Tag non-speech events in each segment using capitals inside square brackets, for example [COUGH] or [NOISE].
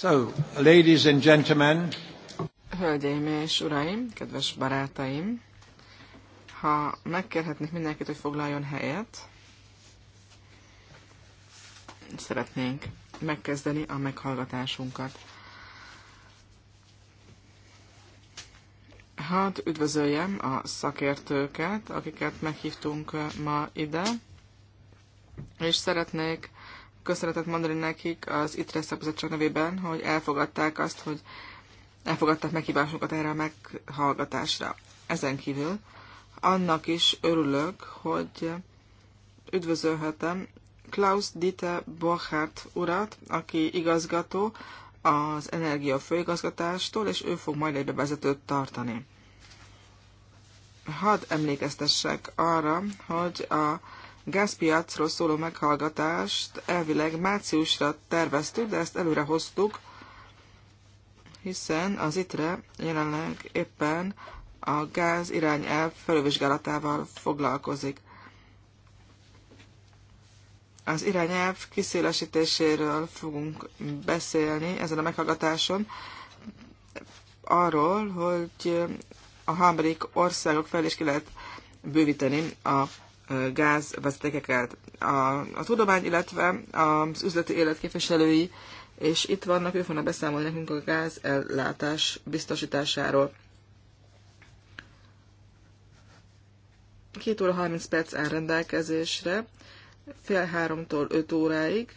So, ladies and gentlemen. Hölgyeim és uraim, kedves barátaim, ha megkérhetnék mindenkit, hogy foglaljon helyet, szeretnénk megkezdeni a meghallgatásunkat. Hát üdvözöljem a szakértőket, akiket meghívtunk uh, ma ide, és szeretnék köszönetet mondani nekik az ITRE szabadság nevében, hogy elfogadták azt, hogy elfogadták meghívásunkat erre a meghallgatásra. Ezen kívül annak is örülök, hogy üdvözölhetem Klaus Dieter Borchardt urat, aki igazgató az Energia Főigazgatástól, és ő fog majd egy bevezetőt tartani. Hadd emlékeztessek arra, hogy a gázpiacról szóló meghallgatást elvileg márciusra terveztük, de ezt előre hoztuk, hiszen az ITRE jelenleg éppen a gáz irányelv felővizsgálatával foglalkozik. Az irányelv kiszélesítéséről fogunk beszélni ezen a meghallgatáson, arról, hogy a harmadik országok fel is ki lehet bővíteni a gázvesztékeket. A, a tudomány, illetve az üzleti élet képviselői, és itt vannak, ők fognak beszámolni nekünk a gázellátás biztosításáról. 2 óra 30 perc áll rendelkezésre, fél háromtól 5 óráig.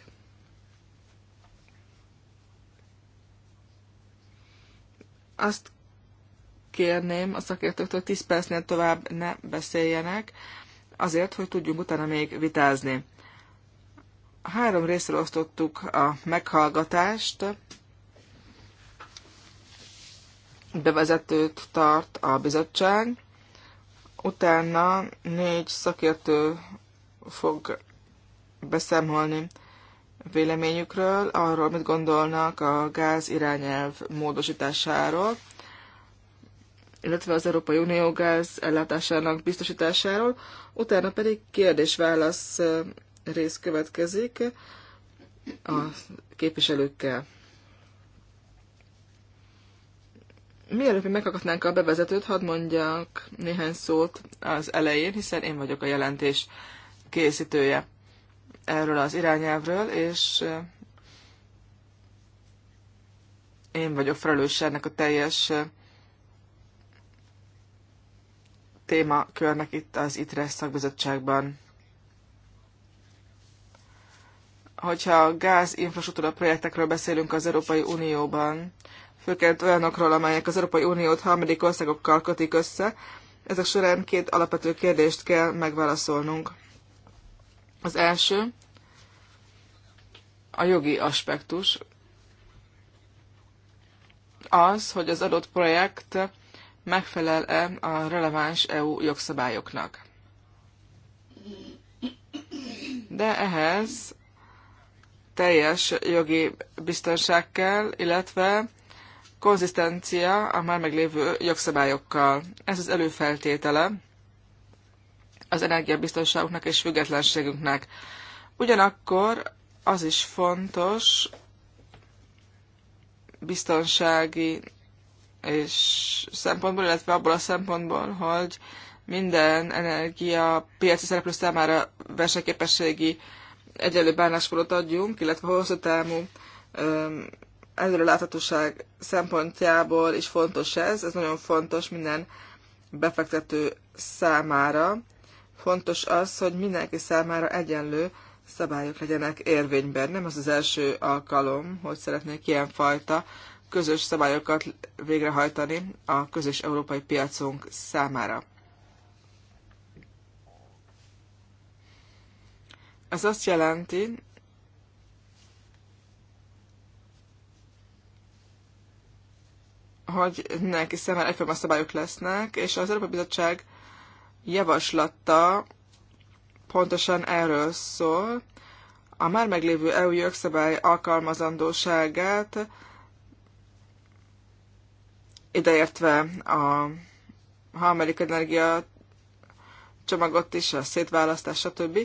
Azt kérném a szakértőktől hogy 10 percnél tovább ne beszéljenek, azért, hogy tudjunk utána még vitázni. Három részre osztottuk a meghallgatást. Bevezetőt tart a bizottság, utána négy szakértő fog beszámolni véleményükről, arról, mit gondolnak a gáz irányelv módosításáról, illetve az Európai Unió gáz ellátásának biztosításáról utána pedig kérdés-válasz rész következik a képviselőkkel. Mielőtt mi meghallgatnánk a bevezetőt, hadd mondjak néhány szót az elején, hiszen én vagyok a jelentés készítője erről az irányelvről, és én vagyok felelős ennek a teljes témakörnek itt az ITRE szakbizottságban. Hogyha a gázinfrastruktúra projektekről beszélünk az Európai Unióban, főként olyanokról, amelyek az Európai Uniót harmadik országokkal kötik össze, ezek során két alapvető kérdést kell megválaszolnunk. Az első a jogi aspektus, az, hogy az adott projekt megfelel-e a releváns EU jogszabályoknak. De ehhez teljes jogi biztonság kell, illetve konzisztencia a már meglévő jogszabályokkal. Ez az előfeltétele az energiabiztonságunknak és függetlenségünknek. Ugyanakkor az is fontos biztonsági és szempontból, illetve abból a szempontból, hogy minden energia piaci szereplő számára versenyképességi egyenlő bánásmódot adjunk, illetve hosszú távú előreláthatóság szempontjából is fontos ez. Ez nagyon fontos minden befektető számára. Fontos az, hogy mindenki számára egyenlő szabályok legyenek érvényben. Nem az az első alkalom, hogy szeretnék ilyenfajta közös szabályokat végrehajtani a közös európai piacunk számára. Ez azt jelenti, hogy neki számára egyforma szabályok lesznek, és az Európai Bizottság javaslata pontosan erről szól. A már meglévő EU jogszabály alkalmazandóságát ideértve a harmadik energia csomagot is, a szétválasztás, stb.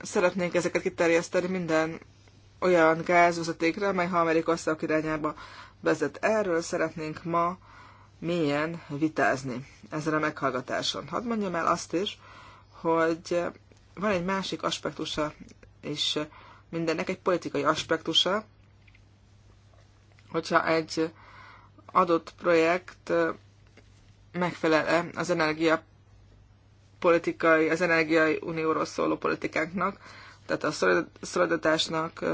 Szeretnénk ezeket kiterjeszteni minden olyan gázvezetékre, amely ország irányába vezet. Erről szeretnénk ma mélyen vitázni ezen a meghallgatáson. Hadd mondjam el azt is, hogy van egy másik aspektusa és mindennek, egy politikai aspektusa, hogyha egy adott projekt megfelele az energia politikai az energiai unióról szóló politikánknak, tehát a szolidatásnak,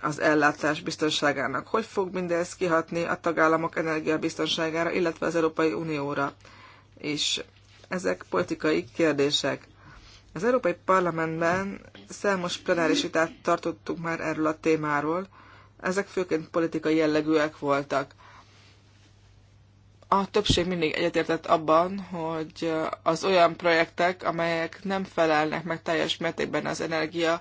az ellátás biztonságának. Hogy fog mindez kihatni a tagállamok energiabiztonságára, illetve az Európai Unióra is? Ezek politikai kérdések. Az Európai Parlamentben számos plenáris vitát tartottuk már erről a témáról, ezek főként politikai jellegűek voltak a többség mindig egyetértett abban, hogy az olyan projektek, amelyek nem felelnek meg teljes mértékben az energia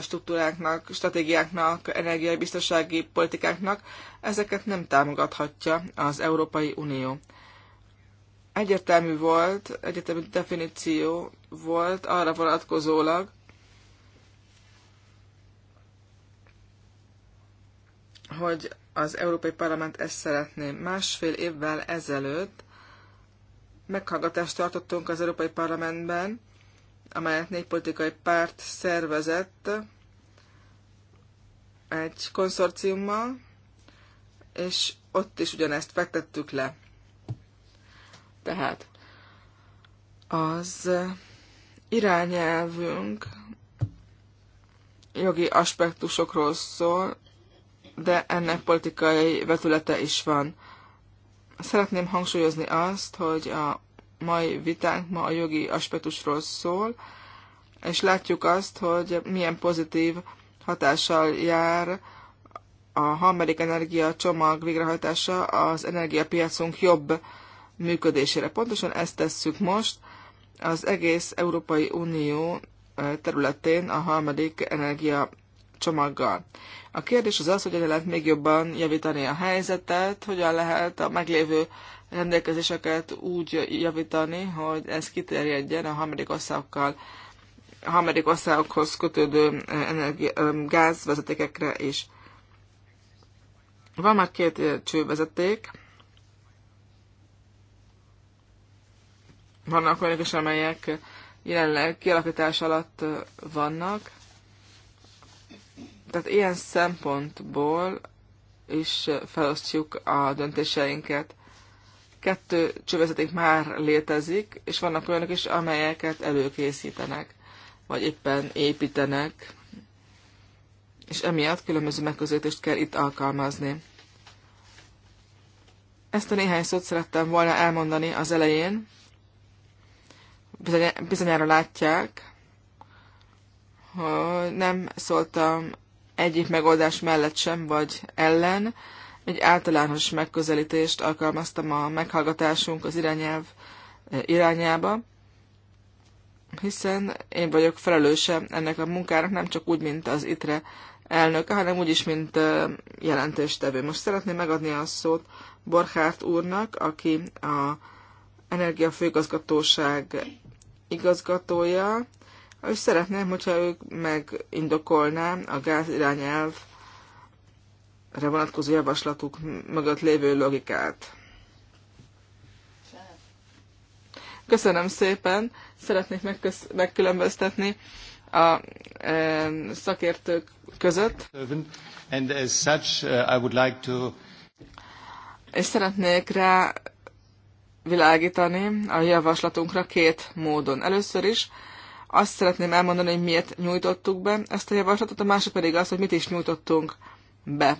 struktúráknak, stratégiáknak, energiabiztonsági politikáknak, ezeket nem támogathatja az Európai Unió. Egyértelmű volt, egyértelmű definíció volt arra vonatkozólag, hogy az Európai Parlament ezt szeretné. Másfél évvel ezelőtt meghallgatást tartottunk az Európai Parlamentben, amelyet négy politikai párt szervezett egy konszorciummal, és ott is ugyanezt fektettük le. Tehát az irányelvünk jogi aspektusokról szól, de ennek politikai vetülete is van. Szeretném hangsúlyozni azt, hogy a mai vitánk ma a jogi aspektusról szól, és látjuk azt, hogy milyen pozitív hatással jár a harmadik energia csomag végrehajtása az energiapiacunk jobb működésére. Pontosan ezt tesszük most. Az egész Európai Unió eh, területén a harmadik energia csomaggal. A kérdés az az, hogy hogyan lehet még jobban javítani a helyzetet, hogyan lehet a meglévő rendelkezéseket úgy javítani, hogy ez kiterjedjen a harmadik országokkal, a harmadik országokhoz kötődő eh, energi- eh, gázvezetékekre is. Van már két eh, csővezeték, vannak olyanok is, amelyek jelenleg kialakítás alatt vannak. Tehát ilyen szempontból is felosztjuk a döntéseinket. Kettő csövezeték már létezik, és vannak olyanok is, amelyeket előkészítenek, vagy éppen építenek, és emiatt különböző megközelítést kell itt alkalmazni. Ezt a néhány szót szerettem volna elmondani az elején. Bizonyára látják, hogy nem szóltam egyik megoldás mellett sem, vagy ellen. Egy általános megközelítést alkalmaztam a meghallgatásunk az irányelv eh, irányába, hiszen én vagyok felelőse ennek a munkának, nem csak úgy, mint az ITRE elnöke, hanem úgy is, mint eh, jelentéstevő. Most szeretném megadni a szót Borchárt úrnak, aki a Energiafőigazgatóság igazgatója, és szeretném, hogyha ők megindokolná a gázirányelvre vonatkozó javaslatuk mögött lévő logikát. Köszönöm szépen, szeretnék megköz- megkülönböztetni a e, szakértők között. And as such, uh, I would like to... És szeretnék rá világítani a javaslatunkra két módon. Először is azt szeretném elmondani, hogy miért nyújtottuk be ezt a javaslatot, a másik pedig az, hogy mit is nyújtottunk be.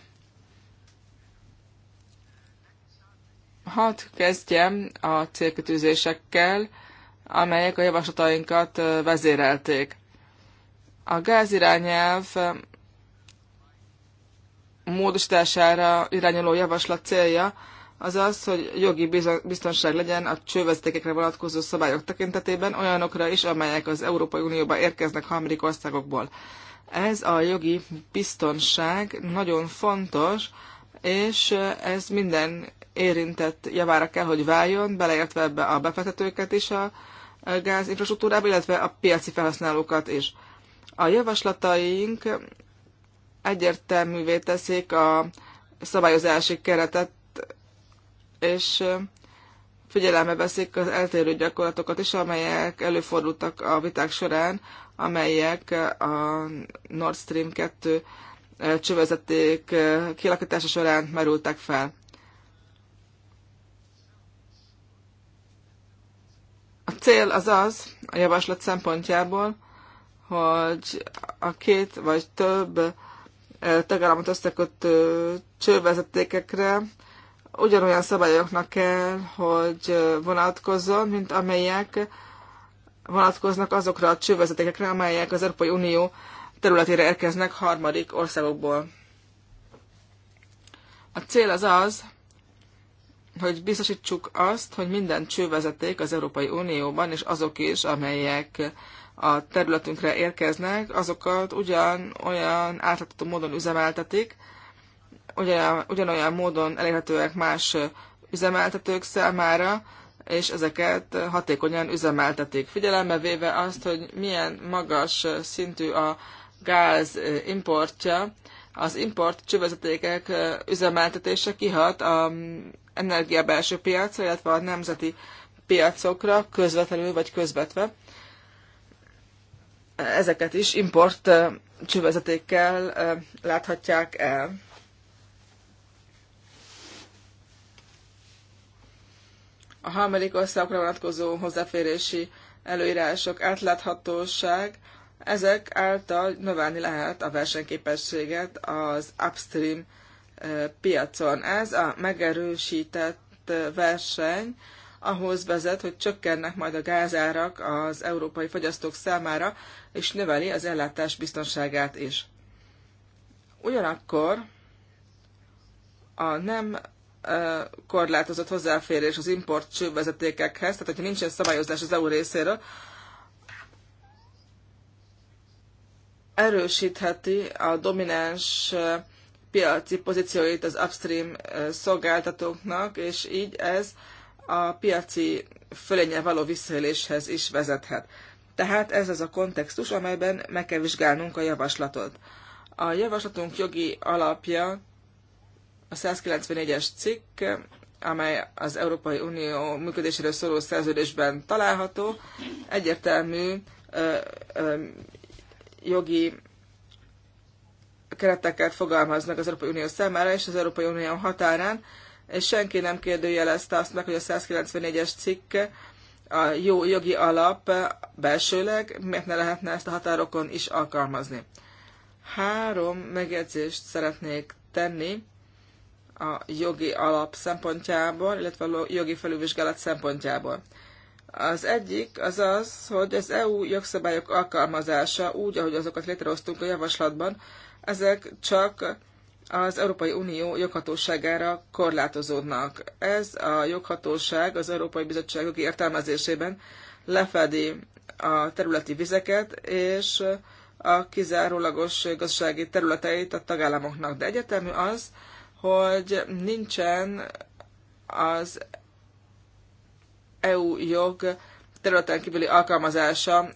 Hadd kezdjem a célkitűzésekkel, amelyek a javaslatainkat vezérelték. A gázirányelv módosítására irányuló javaslat célja az az, hogy jogi biztonság legyen a csővezetékekre vonatkozó szabályok tekintetében olyanokra is, amelyek az Európai Unióba érkeznek harmadik országokból. Ez a jogi biztonság nagyon fontos, és ez minden érintett javára kell, hogy váljon, beleértve ebbe a befektetőket is a gázinfrastruktúrába, illetve a piaci felhasználókat is. A javaslataink egyértelművé teszik a szabályozási keretet és figyelembe veszik az eltérő gyakorlatokat is, amelyek előfordultak a viták során, amelyek a Nord Stream 2 csövezeték kilakítása során merültek fel. A cél az az, a javaslat szempontjából, hogy a két vagy több tagállamot összekötő csővezetékekre ugyanolyan szabályoknak kell, hogy vonatkozzon, mint amelyek vonatkoznak azokra a csővezetékekre, amelyek az Európai Unió területére érkeznek harmadik országokból. A cél az az, hogy biztosítsuk azt, hogy minden csővezeték az Európai Unióban, és azok is, amelyek a területünkre érkeznek, azokat ugyan olyan átlátható módon üzemeltetik, ugyanolyan módon elérhetőek más üzemeltetők számára, és ezeket hatékonyan üzemeltetik. Figyelembe véve azt, hogy milyen magas szintű a gáz importja, az import csővezetékek üzemeltetése kihat a energiabelső piacra, illetve a nemzeti piacokra közvetlenül vagy közvetve. Ezeket is import csövezetékkel láthatják el. a harmadik országokra vonatkozó hozzáférési előírások, átláthatóság, ezek által növelni lehet a versenyképességet az upstream piacon. Ez a megerősített verseny ahhoz vezet, hogy csökkennek majd a gázárak az európai fogyasztók számára, és növeli az ellátás biztonságát is. Ugyanakkor a nem korlátozott hozzáférés az import csővezetékekhez, tehát hogyha nincsen szabályozás az EU részéről, erősítheti a domináns piaci pozícióit az upstream szolgáltatóknak, és így ez a piaci fölénye való visszaéléshez is vezethet. Tehát ez az a kontextus, amelyben meg kell vizsgálnunk a javaslatot. A javaslatunk jogi alapja a 194-es cikk, amely az Európai Unió működéséről szóló szerződésben található, egyértelmű ö, ö, jogi kereteket fogalmaznak az Európai Unió számára és az Európai Unió határán, és senki nem kérdőjelezte azt meg, hogy a 194-es cikk a jó jogi alap belsőleg, miért ne lehetne ezt a határokon is alkalmazni. Három megjegyzést szeretnék tenni a jogi alap szempontjából, illetve a jogi felülvizsgálat szempontjából. Az egyik az az, hogy az EU jogszabályok alkalmazása úgy, ahogy azokat létrehoztunk a javaslatban, ezek csak az Európai Unió joghatóságára korlátozódnak. Ez a joghatóság az Európai Bizottságok értelmezésében lefedi a területi vizeket és a kizárólagos gazdasági területeit a tagállamoknak. De egyetemű az, hogy nincsen az EU jog területen kívüli alkalmazása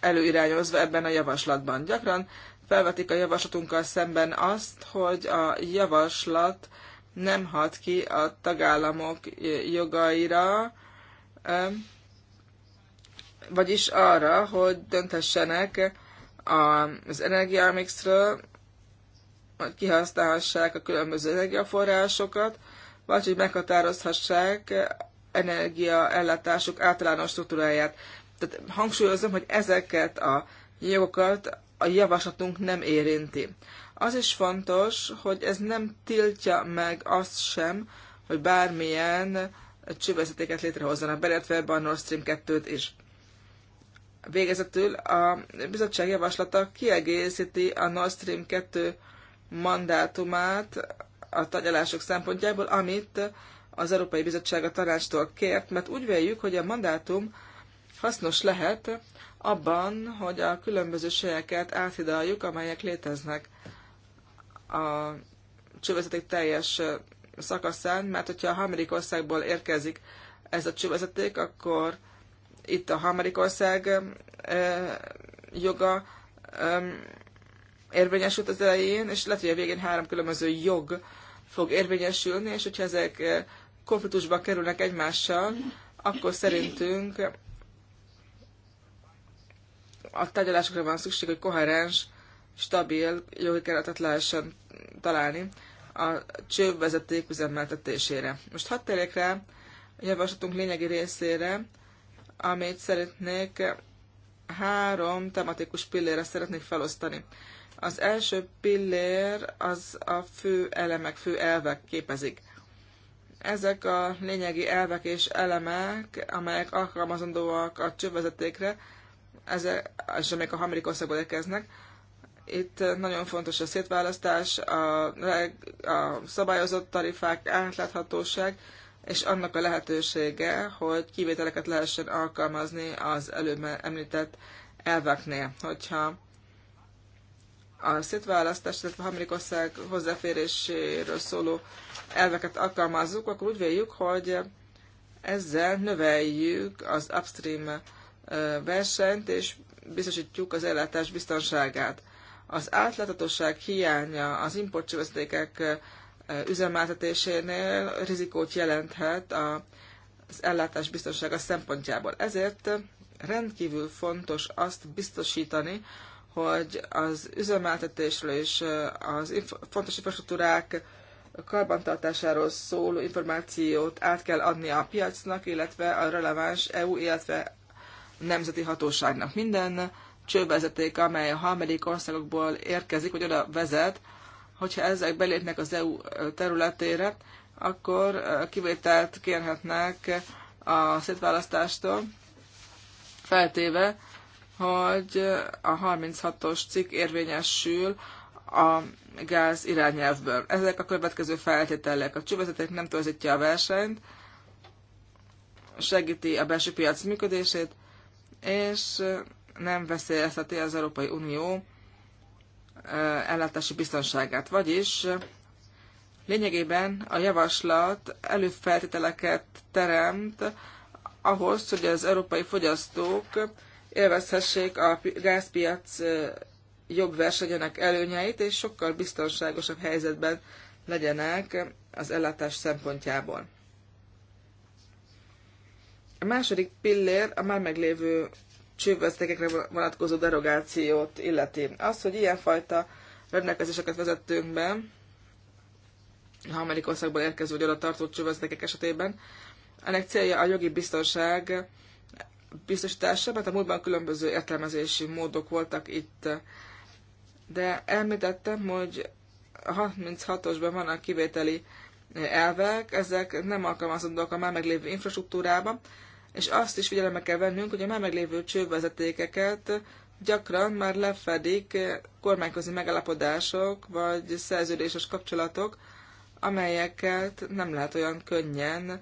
előirányozva ebben a javaslatban. Gyakran felvetik a javaslatunkkal szemben azt, hogy a javaslat nem hat ki a tagállamok jogaira, vagyis arra, hogy dönthessenek az energiamixről, hogy kihasználhassák a különböző energiaforrásokat, vagy hogy meghatározhassák energiaellátásuk általános struktúráját. Tehát hangsúlyozom, hogy ezeket a jogokat a javaslatunk nem érinti. Az is fontos, hogy ez nem tiltja meg azt sem, hogy bármilyen csővezetéket létrehozzanak, beletve a Nord Stream 2-t is. Végezetül a bizottság javaslata kiegészíti a Nord Stream 2 mandátumát a tagyalások szempontjából, amit az Európai Bizottság a tanácstól kért, mert úgy véljük, hogy a mandátum hasznos lehet abban, hogy a különböző sejeket áthidaljuk, amelyek léteznek a csővezeték teljes szakaszán, mert hogyha a harmadik országból érkezik ez a csővezeték, akkor itt a harmadik ország joga érvényesült az elején, és lehet, hogy a végén három különböző jog fog érvényesülni, és hogyha ezek eh, konfliktusba kerülnek egymással, akkor szerintünk a tárgyalásokra van szükség, hogy koherens, stabil jogi keretet lehessen találni a csővezeték üzemeltetésére. Most hadd térjek rá a javaslatunk lényegi részére, amit szeretnék három tematikus pillére szeretnék felosztani. Az első pillér az a fő elemek, fő elvek képezik. Ezek a lényegi elvek és elemek, amelyek alkalmazandóak a csővezetékre, ezek, és amelyek a harmadik országból érkeznek, itt nagyon fontos a szétválasztás, a, a szabályozott tarifák átláthatóság, és annak a lehetősége, hogy kivételeket lehessen alkalmazni az előbb említett elveknél. Hogyha a szétválasztás, tehát a harmadik ország hozzáféréséről szóló elveket alkalmazzuk, akkor úgy véljük, hogy ezzel növeljük az upstream versenyt, és biztosítjuk az ellátás biztonságát. Az átláthatóság hiánya, az importcsövezetékek üzemeltetésénél rizikót jelenthet az ellátás biztonsága szempontjából. Ezért rendkívül fontos azt biztosítani, hogy az üzemeltetésről és az inf- fontos infrastruktúrák karbantartásáról szóló információt át kell adni a piacnak, illetve a releváns EU, illetve nemzeti hatóságnak. Minden csővezeték, amely a harmadik országokból érkezik, vagy oda vezet, hogyha ezek belépnek az EU területére, akkor kivételt kérhetnek a szétválasztástól, feltéve, hogy a 36-os cikk érvényesül a gáz irányelvből. Ezek a következő feltételek. A csővezeték nem torzítja a versenyt, segíti a belső piac működését, és nem veszélyezteti az Európai Unió ellátási biztonságát. Vagyis lényegében a javaslat előfeltételeket teremt ahhoz, hogy az európai fogyasztók élvezhessék a gázpiac jobb versenyenek előnyeit, és sokkal biztonságosabb helyzetben legyenek az ellátás szempontjából. A második pillér a már meglévő csővezetékekre vonatkozó derogációt illeti. Az, hogy ilyenfajta rendelkezéseket vezettünk be, a harmadik országból érkező vagy oda tartó csővezetékek esetében, ennek célja a jogi biztonság biztosítása, mert a múltban különböző értelmezési módok voltak itt. De elmítettem, hogy a 36-osban vannak kivételi elvek, ezek nem alkalmazandók a már meglévő infrastruktúrában és azt is figyelembe kell vennünk, hogy a már meglévő csővezetékeket gyakran már lefedik kormányközi megállapodások vagy szerződéses kapcsolatok, amelyeket nem lehet olyan könnyen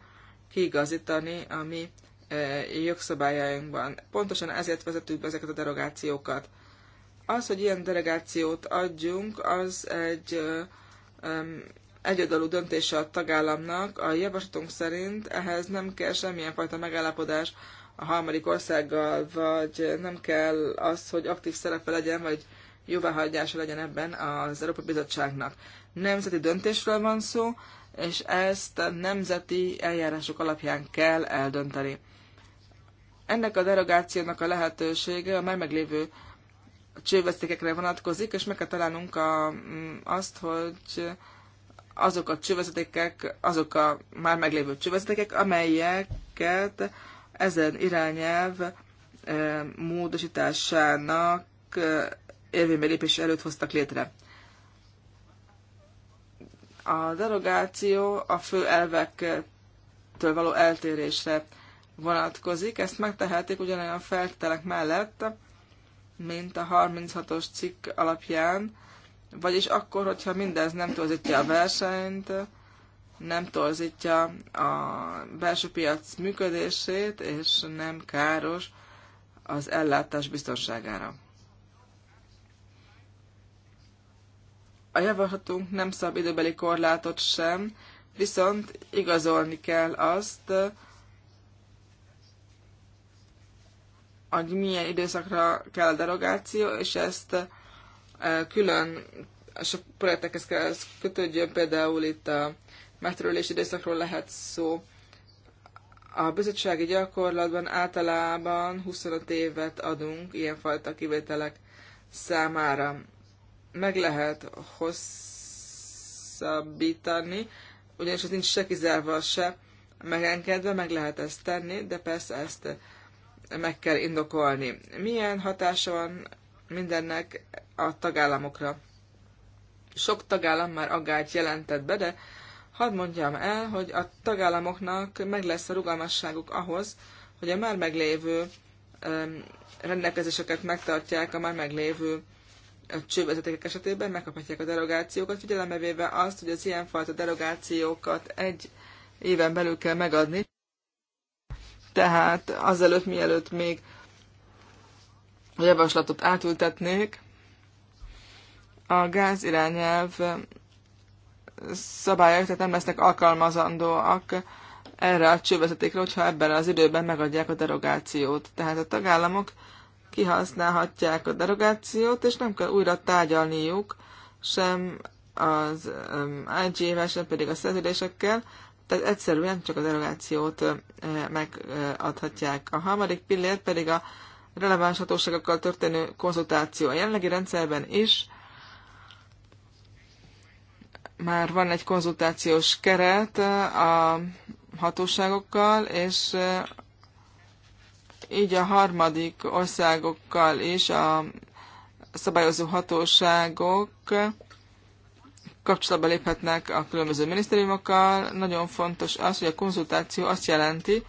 kiigazítani a mi e, jogszabályainkban. Pontosan ezért vezetünk be ezeket a derogációkat. Az, hogy ilyen delegációt adjunk, az egy egyoldalú döntése a tagállamnak, a javaslatunk szerint ehhez nem kell semmilyen fajta megállapodás a harmadik országgal, vagy nem kell az, hogy aktív szerepe legyen, vagy jóváhagyása legyen ebben az Európai Bizottságnak. Nemzeti döntésről van szó, és ezt a nemzeti eljárások alapján kell eldönteni. Ennek a derogációnak a lehetősége a már meglévő csővesztékekre vonatkozik, és meg kell találnunk a, mm, azt, hogy azok a csővezetékek, azok a már meglévő csővezetékek, amelyeket ezen irányelv eh, módosításának eh, érvénybe lépés előtt hoztak létre. A derogáció a fő elvektől való eltérésre vonatkozik, ezt megtehetik ugyanolyan feltételek mellett, mint a 36-os cikk alapján, vagyis akkor, hogyha mindez nem torzítja a versenyt, nem torzítja a belső piac működését, és nem káros az ellátás biztonságára. A javaslatunk nem szab időbeli korlátot sem, viszont igazolni kell azt, hogy milyen időszakra kell a derogáció, és ezt külön és a projektekhez kell kötődjön, például itt a megterülési időszakról lehet szó. A bizottsági gyakorlatban általában 25 évet adunk ilyenfajta kivételek számára. Meg lehet hosszabbítani, ugyanis az nincs se kizárva, se megengedve, meg lehet ezt tenni, de persze ezt meg kell indokolni. Milyen hatása van mindennek a tagállamokra. Sok tagállam már aggályt jelentett be, de hadd mondjam el, hogy a tagállamoknak meg lesz a rugalmasságuk ahhoz, hogy a már meglévő rendelkezéseket megtartják a már meglévő csővezetékek esetében, megkaphatják a derogációkat, figyelembe véve azt, hogy az ilyenfajta derogációkat egy éven belül kell megadni. Tehát azelőtt, mielőtt még a javaslatot átültetnék. A gáz irányelv szabályok, tehát nem lesznek alkalmazandóak erre a csővezetékre, hogyha ebben az időben megadják a derogációt. Tehát a tagállamok kihasználhatják a derogációt, és nem kell újra tárgyalniuk sem az IG-vel, sem pedig a szerződésekkel, tehát egyszerűen csak a derogációt eh, megadhatják. A harmadik pillér pedig a releváns hatóságokkal történő konzultáció. A jelenlegi rendszerben is már van egy konzultációs keret eh, a hatóságokkal, és eh, így a harmadik országokkal is a szabályozó hatóságok kapcsolatba léphetnek a különböző minisztériumokkal. Nagyon fontos az, hogy a konzultáció azt jelenti,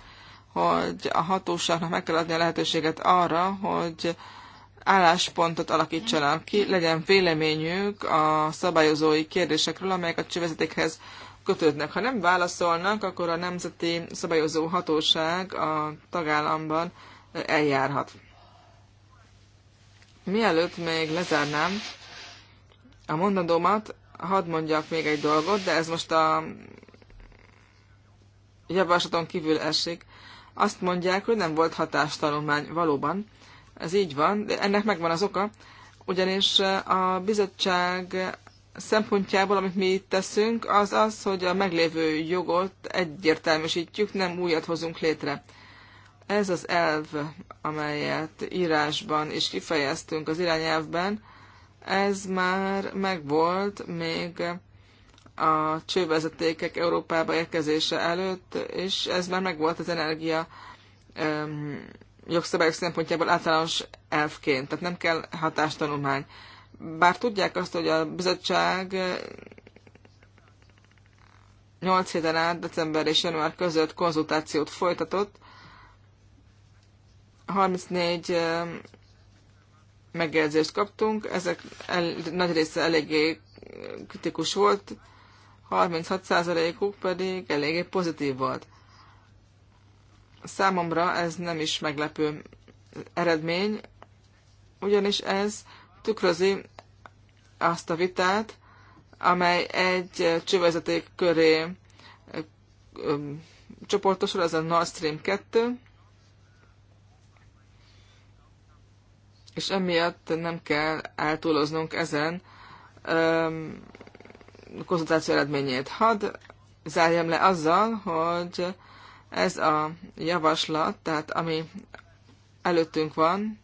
hogy a hatóságnak meg kell adni a lehetőséget arra, hogy álláspontot alakítsanak ki, legyen véleményük a szabályozói kérdésekről, amelyek a csővezetékhez kötődnek. Ha nem válaszolnak, akkor a Nemzeti Szabályozó Hatóság a tagállamban eljárhat. Mielőtt még lezárnám a mondandómat, hadd mondjak még egy dolgot, de ez most a javaslaton kívül esik. Azt mondják, hogy nem volt hatástanulmány. Valóban, ez így van, de ennek megvan az oka, ugyanis a bizottság szempontjából, amit mi itt teszünk, az az, hogy a meglévő jogot egyértelműsítjük, nem újat hozunk létre. Ez az elv, amelyet írásban is kifejeztünk az irányelvben, ez már megvolt még a csővezetékek Európába érkezése előtt, és ez már megvolt az energia öm, jogszabályok szempontjából általános elfként, tehát nem kell hatástanulmány. Bár tudják azt, hogy a bizottság 8 eh, héten át, december és január között konzultációt folytatott, 34 eh, megjegyzést kaptunk, ezek el, nagy része eléggé kritikus volt, 36%-uk pedig eléggé pozitív volt. Számomra ez nem is meglepő eredmény, ugyanis ez tükrözi azt a vitát, amely egy csővezeték köré csoportosul, ez a Nord Stream 2, és emiatt nem kell eltúloznunk ezen öm, konzultáció eredményét. Hadd zárjam le azzal, hogy ez a javaslat, tehát ami előttünk van,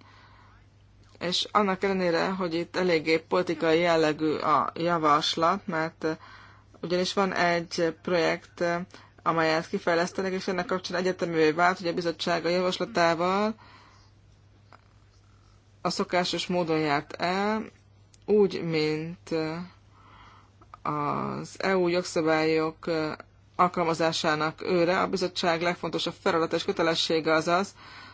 és annak ellenére, hogy itt eléggé politikai jellegű a javaslat, mert ugyanis van egy projekt, amelyet kifejlesztenek, és ennek kapcsán egyeteművé vált, hogy a bizottság a javaslatával a szokásos módon járt el, úgy, mint az EU jogszabályok alkalmazásának őre a bizottság legfontosabb feladat és kötelessége az az,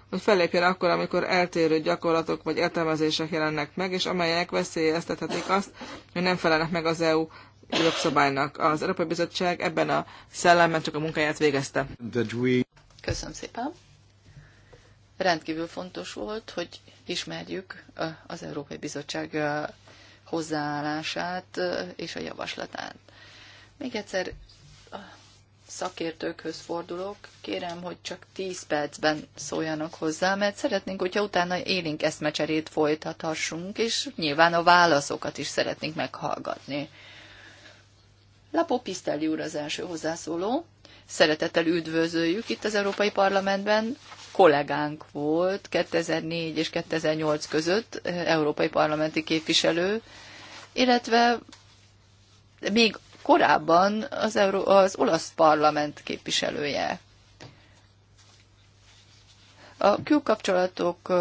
hogy fellépjen akkor, amikor eltérő gyakorlatok vagy értelmezések jelennek meg, és amelyek veszélyeztethetik azt, hogy nem felelnek meg az EU jogszabálynak. Az Európai Bizottság ebben a szellemben csak a munkáját végezte. Köszönöm szépen. Rendkívül fontos volt, hogy ismerjük az Európai Bizottság hozzáállását és a javaslatát. Még egyszer a szakértőkhöz fordulok, kérem, hogy csak 10 percben szóljanak hozzá, mert szeretnénk, hogyha utána élénk eszmecserét folytathassunk, és nyilván a válaszokat is szeretnénk meghallgatni. Lapó Piszteli úr az első hozzászóló. Szeretettel üdvözöljük itt az Európai Parlamentben. Kollégánk volt 2004 és 2008 között, európai parlamenti képviselő illetve még korábban az, Euró- az olasz parlament képviselője. A külkapcsolatok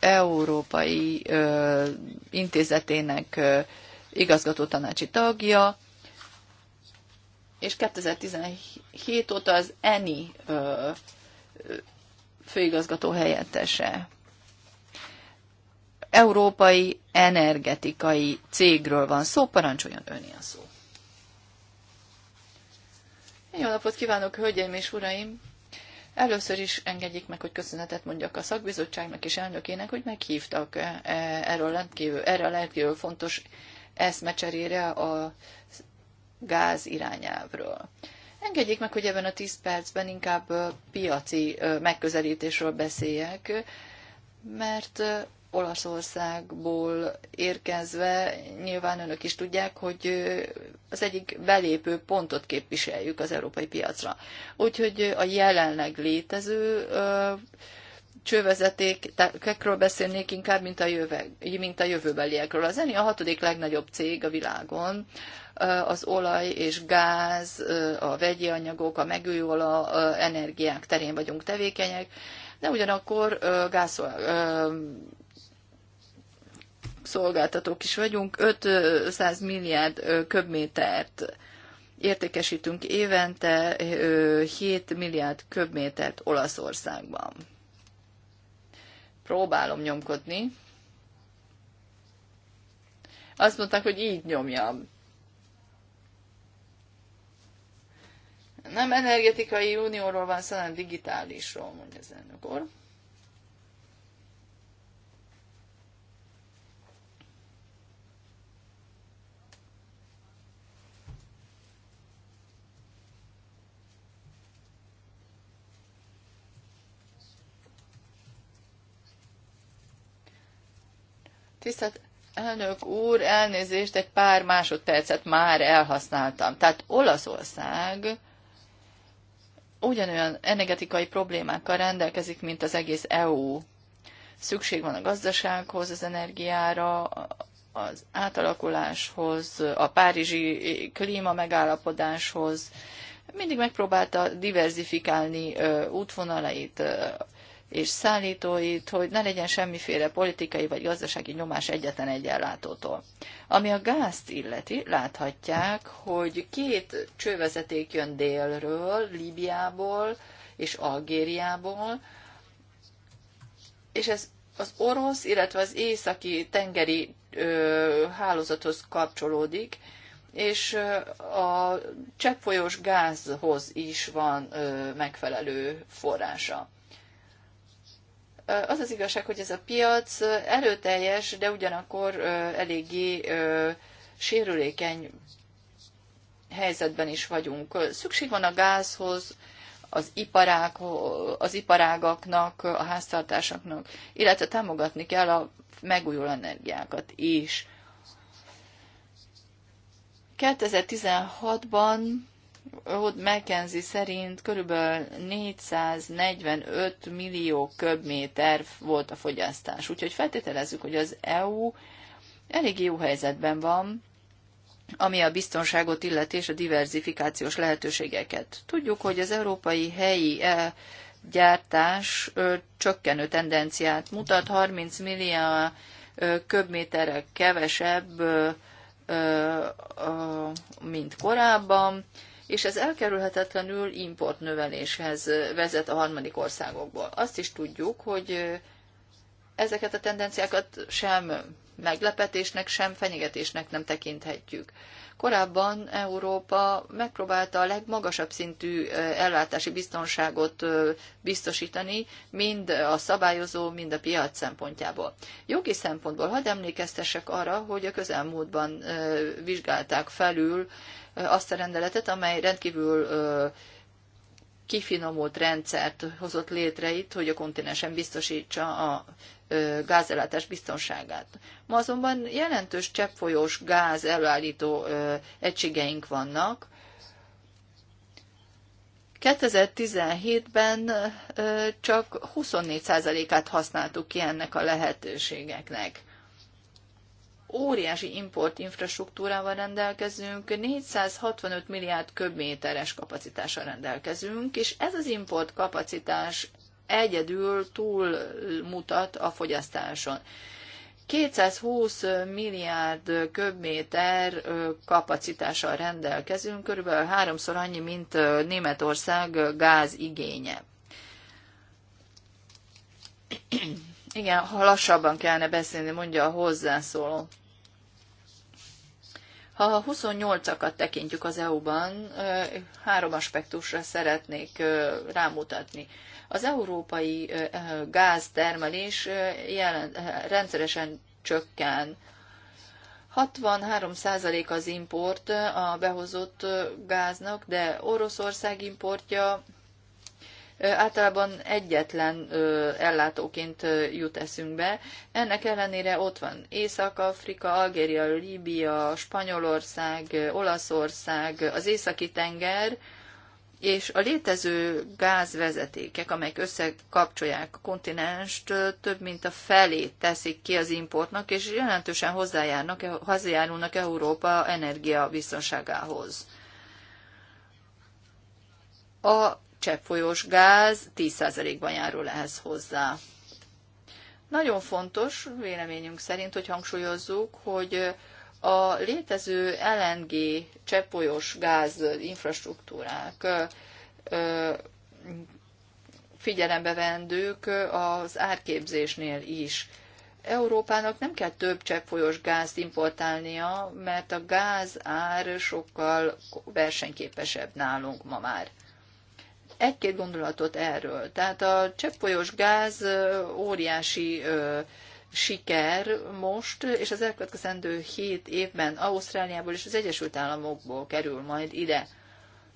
Európai Intézetének igazgató tanácsi tagja, és 2017 óta az ENI főigazgató helyettese európai energetikai cégről van szó, parancsoljon önni a szó. Jó napot kívánok, hölgyeim és uraim! Először is engedjék meg, hogy köszönetet mondjak a szakbizottságnak és elnökének, hogy meghívtak eh, erről rendkívül, erre a rendkívül fontos eszmecserére a gáz irányávról. Engedjék meg, hogy ebben a 10 percben inkább eh, piaci eh, megközelítésről beszéljek, mert Olaszországból érkezve nyilván önök is tudják, hogy az egyik belépő pontot képviseljük az európai piacra. Úgyhogy a jelenleg létező csővezetékekről beszélnék inkább, mint a, jöve, mint a jövőbeliekről. Az ENI a hatodik legnagyobb cég a világon. Az olaj és gáz, a vegyi anyagok, a megújuló energiák terén vagyunk tevékenyek, de ugyanakkor gáz, szolgáltatók is vagyunk, 500 milliárd köbmétert értékesítünk évente 7 milliárd köbmétert Olaszországban. Próbálom nyomkodni. Azt mondták, hogy így nyomjam. Nem energetikai unióról van szó, hanem digitálisról, mondja az elnök úr. Tisztelt elnök úr, elnézést, egy pár másodpercet már elhasználtam. Tehát Olaszország ugyanolyan energetikai problémákkal rendelkezik, mint az egész EU. Szükség van a gazdasághoz, az energiára, az átalakuláshoz, a párizsi klíma megállapodáshoz. Mindig megpróbálta diversifikálni útvonalait és szállítóit, hogy ne legyen semmiféle politikai vagy gazdasági nyomás egyetlen egy ellátótól. Ami a gázt illeti, láthatják, hogy két csővezeték jön délről, Líbiából és Algériából, és ez az orosz, illetve az északi tengeri ö, hálózathoz kapcsolódik, és a cseppfolyós gázhoz is van ö, megfelelő forrása az az igazság, hogy ez a piac erőteljes, de ugyanakkor eléggé sérülékeny helyzetben is vagyunk. Szükség van a gázhoz, az, iparák, az iparágaknak, a háztartásoknak, illetve támogatni kell a megújuló energiákat is. 2016-ban hogy McKenzie szerint körülbelül 445 millió köbméter volt a fogyasztás. Úgyhogy feltételezzük, hogy az EU elég jó helyzetben van, ami a biztonságot illeti és a diversifikációs lehetőségeket. Tudjuk, hogy az európai helyi e gyártás csökkenő tendenciát mutat, 30 millió köbméterrel kevesebb, mint korábban, és ez elkerülhetetlenül importnöveléshez vezet a harmadik országokból. Azt is tudjuk, hogy ezeket a tendenciákat sem meglepetésnek, sem fenyegetésnek nem tekinthetjük. Korábban Európa megpróbálta a legmagasabb szintű ellátási biztonságot biztosítani, mind a szabályozó, mind a piac szempontjából. Jogi szempontból hadd emlékeztessek arra, hogy a közelmúltban vizsgálták felül azt a rendeletet, amely rendkívül kifinomult rendszert hozott létre itt, hogy a kontinensen biztosítsa a gázellátás biztonságát. Ma azonban jelentős cseppfolyós gáz előállító egységeink vannak. 2017-ben csak 24%-át használtuk ki ennek a lehetőségeknek óriási import infrastruktúrával rendelkezünk, 465 milliárd köbméteres kapacitással rendelkezünk, és ez az import kapacitás egyedül túlmutat a fogyasztáson. 220 milliárd köbméter kapacitással rendelkezünk, körülbelül háromszor annyi, mint Németország gáz igénye. Igen, ha lassabban kellene beszélni, mondja a hozzászóló. Ha a 28-akat tekintjük az EU-ban, három aspektusra szeretnék rámutatni. Az európai gáztermelés jelent, rendszeresen csökken. 63% az import a behozott gáznak, de Oroszország importja általában egyetlen ellátóként jut eszünkbe. Ennek ellenére ott van Észak-Afrika, Algéria, Líbia, Spanyolország, Olaszország, az Északi-tenger, és a létező gázvezetékek, amelyek összekapcsolják a kontinenst, több mint a felét teszik ki az importnak, és jelentősen hozzájárnak, e, hozzájárulnak Európa energiabiztonságához. A cseppfolyós gáz 10%-ban járul ehhez hozzá. Nagyon fontos, véleményünk szerint, hogy hangsúlyozzuk, hogy a létező LNG cseppfolyós gáz infrastruktúrák figyelembe vendők az árképzésnél is. Európának nem kell több cseppfolyós gázt importálnia, mert a gáz ár sokkal versenyképesebb nálunk ma már egy-két gondolatot erről. Tehát a cseppfolyós gáz óriási siker most, és az elkövetkezendő hét évben Ausztráliából és az Egyesült Államokból kerül majd ide.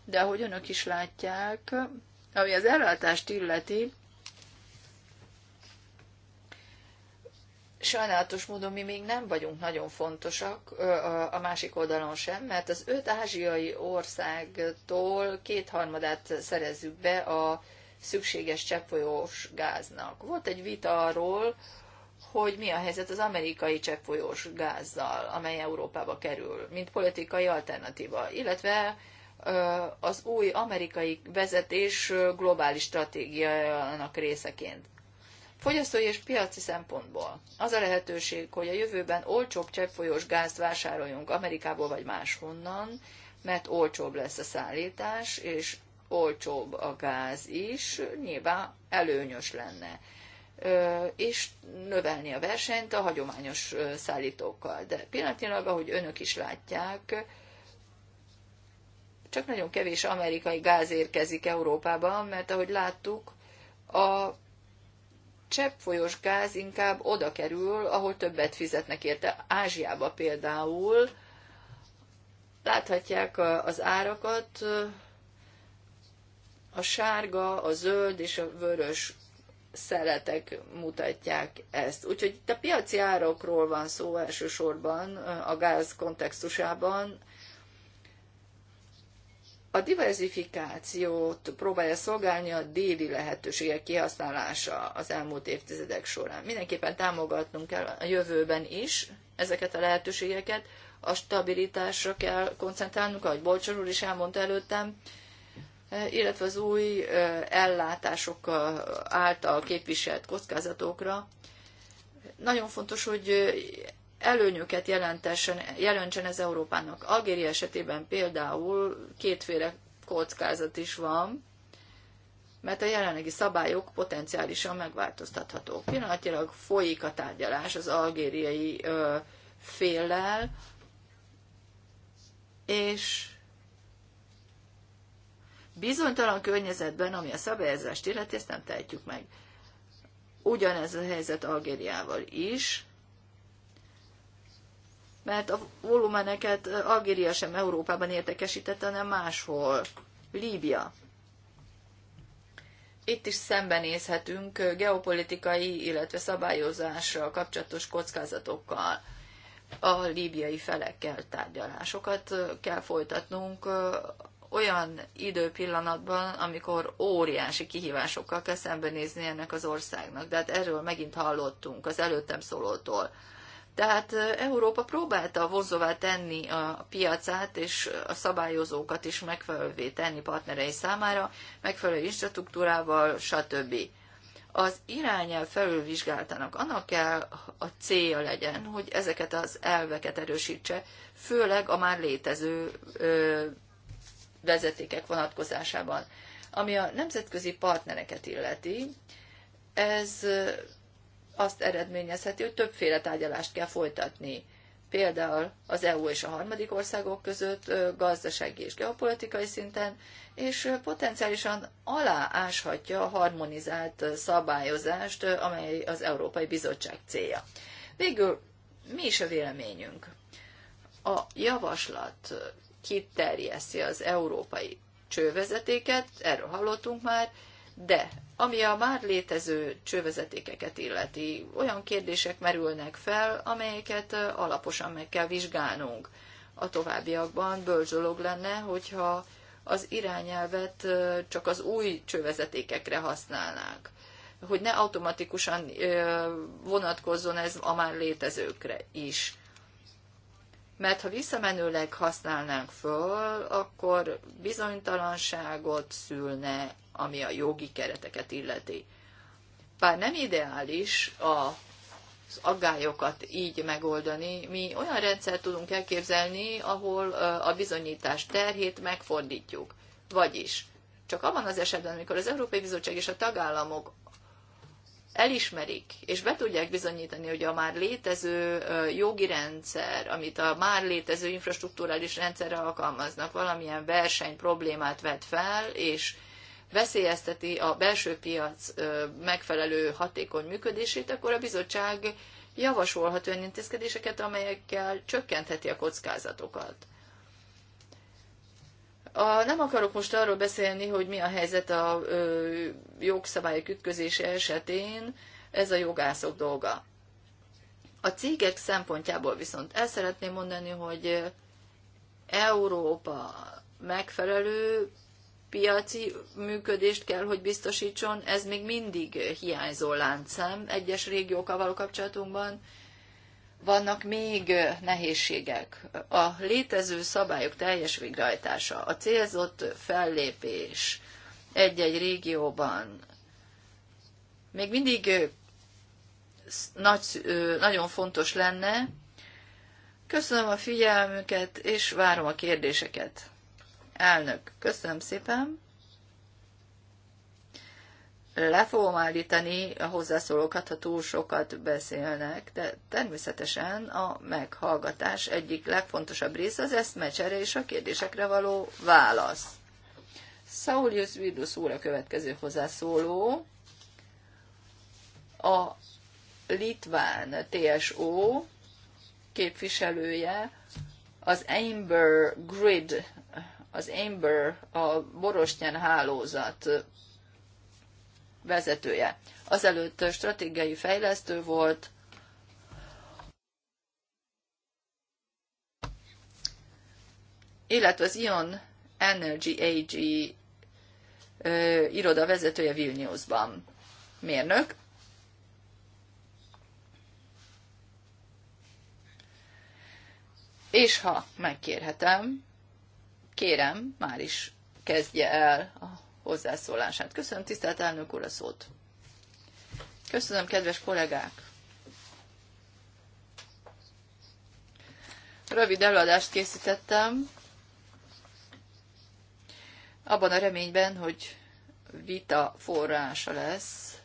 De ahogy önök is látják, ami az ellátást illeti, sajnálatos módon mi még nem vagyunk nagyon fontosak a másik oldalon sem, mert az öt ázsiai országtól kétharmadát szerezzük be a szükséges cseppfolyós gáznak. Volt egy vita arról, hogy mi a helyzet az amerikai cseppfolyós gázzal, amely Európába kerül, mint politikai alternatíva, illetve az új amerikai vezetés globális stratégiájának részeként. Fogyasztói és piaci szempontból az a lehetőség, hogy a jövőben olcsóbb cseppfolyós gázt vásároljunk Amerikából vagy máshonnan, mert olcsóbb lesz a szállítás, és olcsóbb a gáz is, nyilván előnyös lenne és növelni a versenyt a hagyományos szállítókkal. De pillanatnyilag, ahogy önök is látják, csak nagyon kevés amerikai gáz érkezik Európába, mert ahogy láttuk, a cseppfolyós gáz inkább oda kerül, ahol többet fizetnek érte. Ázsiába például láthatják az árakat, a sárga, a zöld és a vörös szeletek mutatják ezt. Úgyhogy itt a piaci árakról van szó elsősorban a gáz kontextusában, a diversifikációt próbálja szolgálni a déli lehetőségek kihasználása az elmúlt évtizedek során. Mindenképpen támogatnunk kell a jövőben is ezeket a lehetőségeket, a stabilitásra kell koncentrálnunk, ahogy Bolcsor úr is elmondta előttem, illetve az új ellátások által képviselt kockázatokra. Nagyon fontos, hogy előnyöket jelentsen ez Európának. Algéria esetében például kétféle kockázat is van, mert a jelenlegi szabályok potenciálisan megváltoztathatók. Pillanatilag folyik a tárgyalás az algériai ö, féllel, és bizonytalan környezetben, ami a szabályozást illeti, ezt nem tehetjük meg. Ugyanez a helyzet Algériával is, mert a volumeneket Algéria sem Európában értekesítette, hanem máshol. Líbia. Itt is szembenézhetünk geopolitikai, illetve szabályozásra kapcsolatos kockázatokkal. A líbiai felekkel tárgyalásokat kell folytatnunk olyan időpillanatban, amikor óriási kihívásokkal kell szembenézni ennek az országnak. De hát erről megint hallottunk az előttem szólótól tehát Európa próbálta vonzóvá tenni a piacát, és a szabályozókat is megfelelővé tenni partnerei számára, megfelelő infrastruktúrával, stb. Az irányel felülvizsgáltanak, annak kell a célja legyen, hogy ezeket az elveket erősítse, főleg a már létező ö, vezetékek vonatkozásában. Ami a nemzetközi partnereket illeti, ez azt eredményezheti, hogy többféle tárgyalást kell folytatni. Például az EU és a harmadik országok között gazdasági és geopolitikai szinten, és potenciálisan alááshatja a harmonizált szabályozást, amely az Európai Bizottság célja. Végül mi is a véleményünk? A javaslat kiterjeszi az európai csővezetéket, erről hallottunk már, de ami a már létező csővezetékeket illeti, olyan kérdések merülnek fel, amelyeket alaposan meg kell vizsgálnunk. A továbbiakban bölcs dolog lenne, hogyha az irányelvet csak az új csővezetékekre használnák, hogy ne automatikusan vonatkozzon ez a már létezőkre is. Mert ha visszamenőleg használnánk föl, akkor bizonytalanságot szülne ami a jogi kereteket illeti. Bár nem ideális a az aggályokat így megoldani. Mi olyan rendszert tudunk elképzelni, ahol a bizonyítás terhét megfordítjuk. Vagyis csak abban az esetben, amikor az Európai Bizottság és a tagállamok elismerik és be tudják bizonyítani, hogy a már létező jogi rendszer, amit a már létező infrastruktúrális rendszerre alkalmaznak, valamilyen verseny problémát vet fel, és veszélyezteti a belső piac megfelelő hatékony működését, akkor a bizottság javasolhat olyan intézkedéseket, amelyekkel csökkentheti a kockázatokat. A, nem akarok most arról beszélni, hogy mi a helyzet a ö, jogszabályok ütközése esetén, ez a jogászok dolga. A cégek szempontjából viszont el szeretném mondani, hogy Európa megfelelő piaci működést kell, hogy biztosítson, ez még mindig hiányzó láncszem egyes régiókkal való kapcsolatunkban. Vannak még nehézségek. A létező szabályok teljes végrehajtása, a célzott fellépés egy-egy régióban még mindig nagy, nagyon fontos lenne. Köszönöm a figyelmüket, és várom a kérdéseket. Elnök, köszönöm szépen. Le fogom állítani a hozzászólókat, ha túl sokat beszélnek, de természetesen a meghallgatás egyik legfontosabb része az eszmecsere és a kérdésekre való válasz. Saulius Vidus úr a következő hozzászóló. A litván TSO képviselője az Amber Grid az Amber, a Borostyán hálózat vezetője. Azelőtt stratégiai fejlesztő volt, illetve az Ion Energy AG ö, iroda vezetője Vilniusban. Mérnök. És ha megkérhetem, Kérem, már is kezdje el a hozzászólását. Köszönöm, tisztelt elnök úr, a szót. Köszönöm, kedves kollégák! Rövid előadást készítettem, abban a reményben, hogy vita forrása lesz,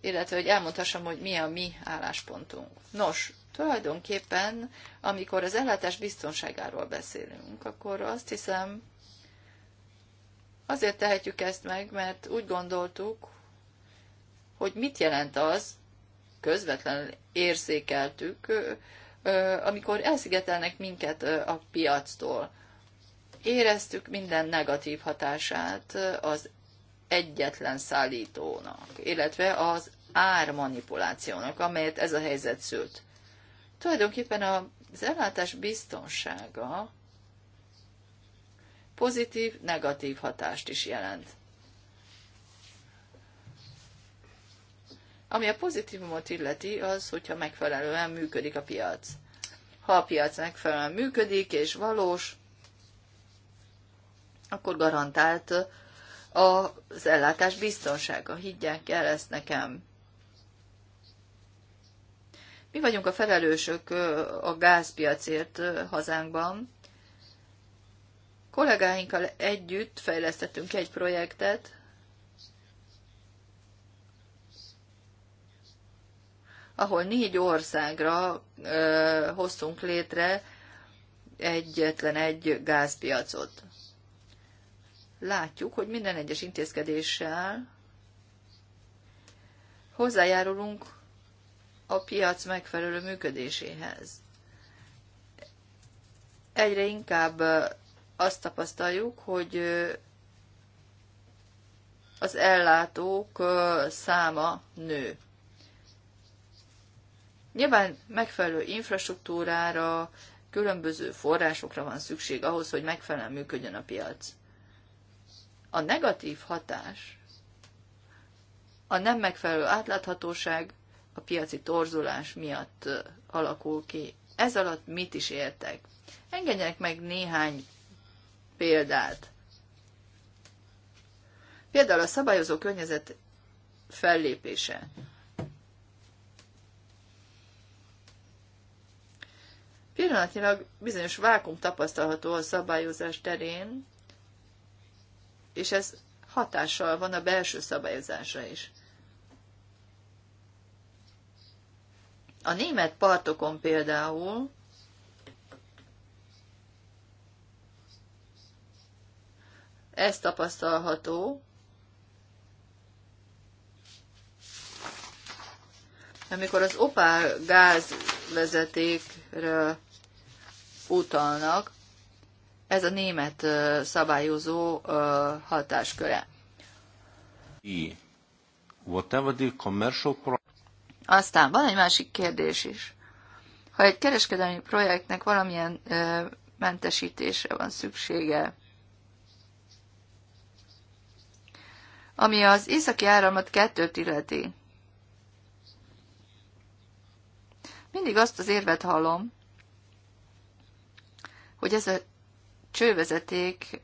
illetve hogy elmondhassam, hogy mi a mi álláspontunk. Nos, Tulajdonképpen, amikor az ellátás biztonságáról beszélünk, akkor azt hiszem, azért tehetjük ezt meg, mert úgy gondoltuk, hogy mit jelent az, közvetlenül érzékeltük, amikor elszigetelnek minket a piactól. Éreztük minden negatív hatását az egyetlen szállítónak, illetve az ármanipulációnak, amelyet ez a helyzet szült. Tulajdonképpen az ellátás biztonsága pozitív, negatív hatást is jelent. Ami a pozitívumot illeti, az, hogyha megfelelően működik a piac. Ha a piac megfelelően működik és valós, akkor garantált az ellátás biztonsága. Higgyek el ezt nekem. Mi vagyunk a felelősök a gázpiacért hazánkban. Kollégáinkkal együtt fejlesztettünk egy projektet, ahol négy országra ö, hoztunk létre egyetlen egy gázpiacot. Látjuk, hogy minden egyes intézkedéssel hozzájárulunk a piac megfelelő működéséhez. Egyre inkább azt tapasztaljuk, hogy az ellátók száma nő. Nyilván megfelelő infrastruktúrára, különböző forrásokra van szükség ahhoz, hogy megfelelően működjön a piac. A negatív hatás, a nem megfelelő átláthatóság a piaci torzulás miatt alakul ki. Ez alatt mit is értek? Engedjenek meg néhány példát. Például a szabályozó környezet fellépése. Pillanatnyilag bizonyos vákum tapasztalható a szabályozás terén, és ez hatással van a belső szabályozásra is. A német partokon például ez tapasztalható, amikor az opál gázvezetékre utalnak, ez a német szabályozó hatásköre. Whatever the commercial aztán van egy másik kérdés is. Ha egy kereskedelmi projektnek valamilyen ö, mentesítésre van szüksége, ami az északi áramat kettőt illeti, mindig azt az érvet hallom, hogy ez a csővezeték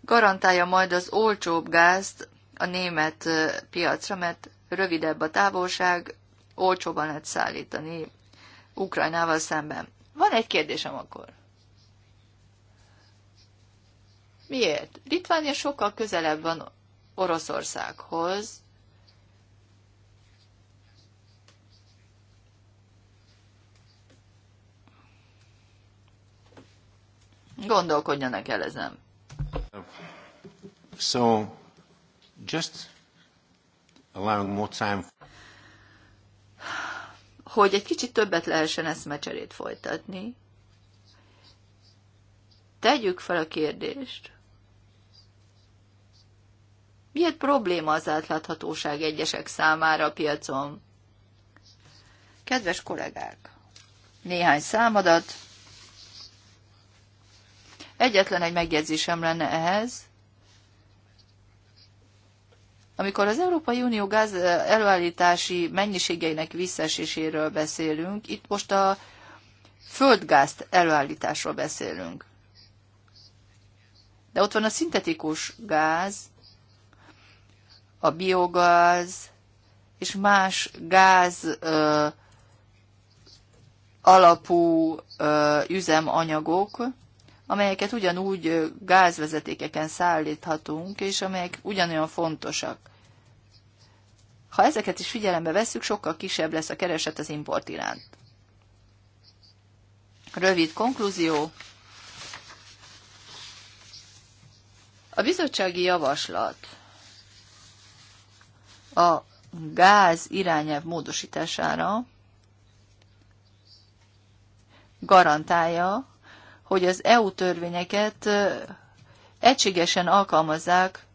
garantálja majd az olcsóbb gázt a német piacra, mert rövidebb a távolság, olcsóban lehet szállítani Ukrajnával szemben. Van egy kérdésem akkor. Miért? Litvánia sokkal közelebb van Oroszországhoz, Gondolkodjanak el ezen. So, just allowing more time hogy egy kicsit többet lehessen eszmecserét folytatni. Tegyük fel a kérdést. Miért probléma az átláthatóság egyesek számára a piacon? Kedves kollégák, néhány számadat. Egyetlen egy megjegyzésem lenne ehhez. Amikor az Európai Unió gáz előállítási mennyiségeinek visszaeséséről beszélünk, itt most a földgázt előállításról beszélünk. De ott van a szintetikus gáz, a biogáz és más gáz ö, alapú ö, üzemanyagok, amelyeket ugyanúgy gázvezetékeken szállíthatunk, és amelyek ugyanolyan fontosak. Ha ezeket is figyelembe vesszük, sokkal kisebb lesz a kereset az import iránt. Rövid konklúzió. A bizottsági javaslat a gáz irányelv módosítására garantálja, hogy az EU törvényeket egységesen alkalmazzák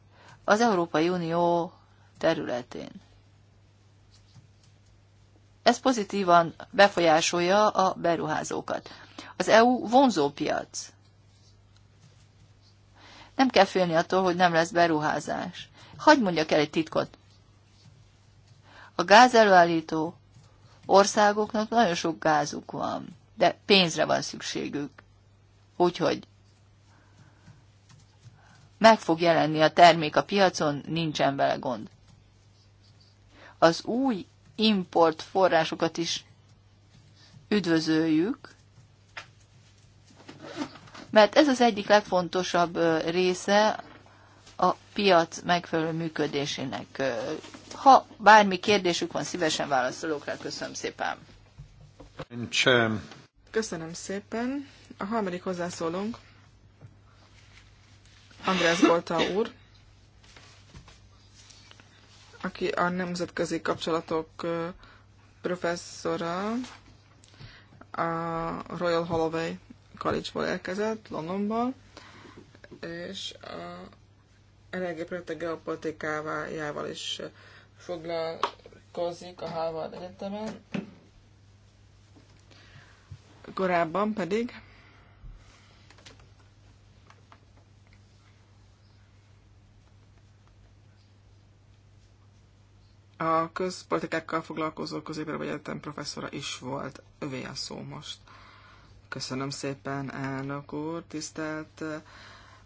az Európai Unió területén. Ez pozitívan befolyásolja a beruházókat. Az EU vonzó piac. Nem kell félni attól, hogy nem lesz beruházás. Hagy mondjak el egy titkot. A gázelőállító országoknak nagyon sok gázuk van, de pénzre van szükségük. Úgyhogy meg fog jelenni a termék a piacon, nincsen vele gond. Az új import forrásokat is üdvözöljük, mert ez az egyik legfontosabb része a piac megfelelő működésének. Ha bármi kérdésük van, szívesen válaszolok rá. Köszönöm szépen. Köszönöm szépen. A harmadik hozzászólunk, András Bolta úr, aki a nemzetközi kapcsolatok professzora a Royal Holloway College-ból érkezett, Londonból, és a energiaprojektek geopolitikájával is foglalkozik a Harvard Egyetemen. Korábban pedig a közpolitikákkal foglalkozó vagy egyetem professzora is volt. Övé a szó most. Köszönöm szépen, elnök úr, tisztelt eh,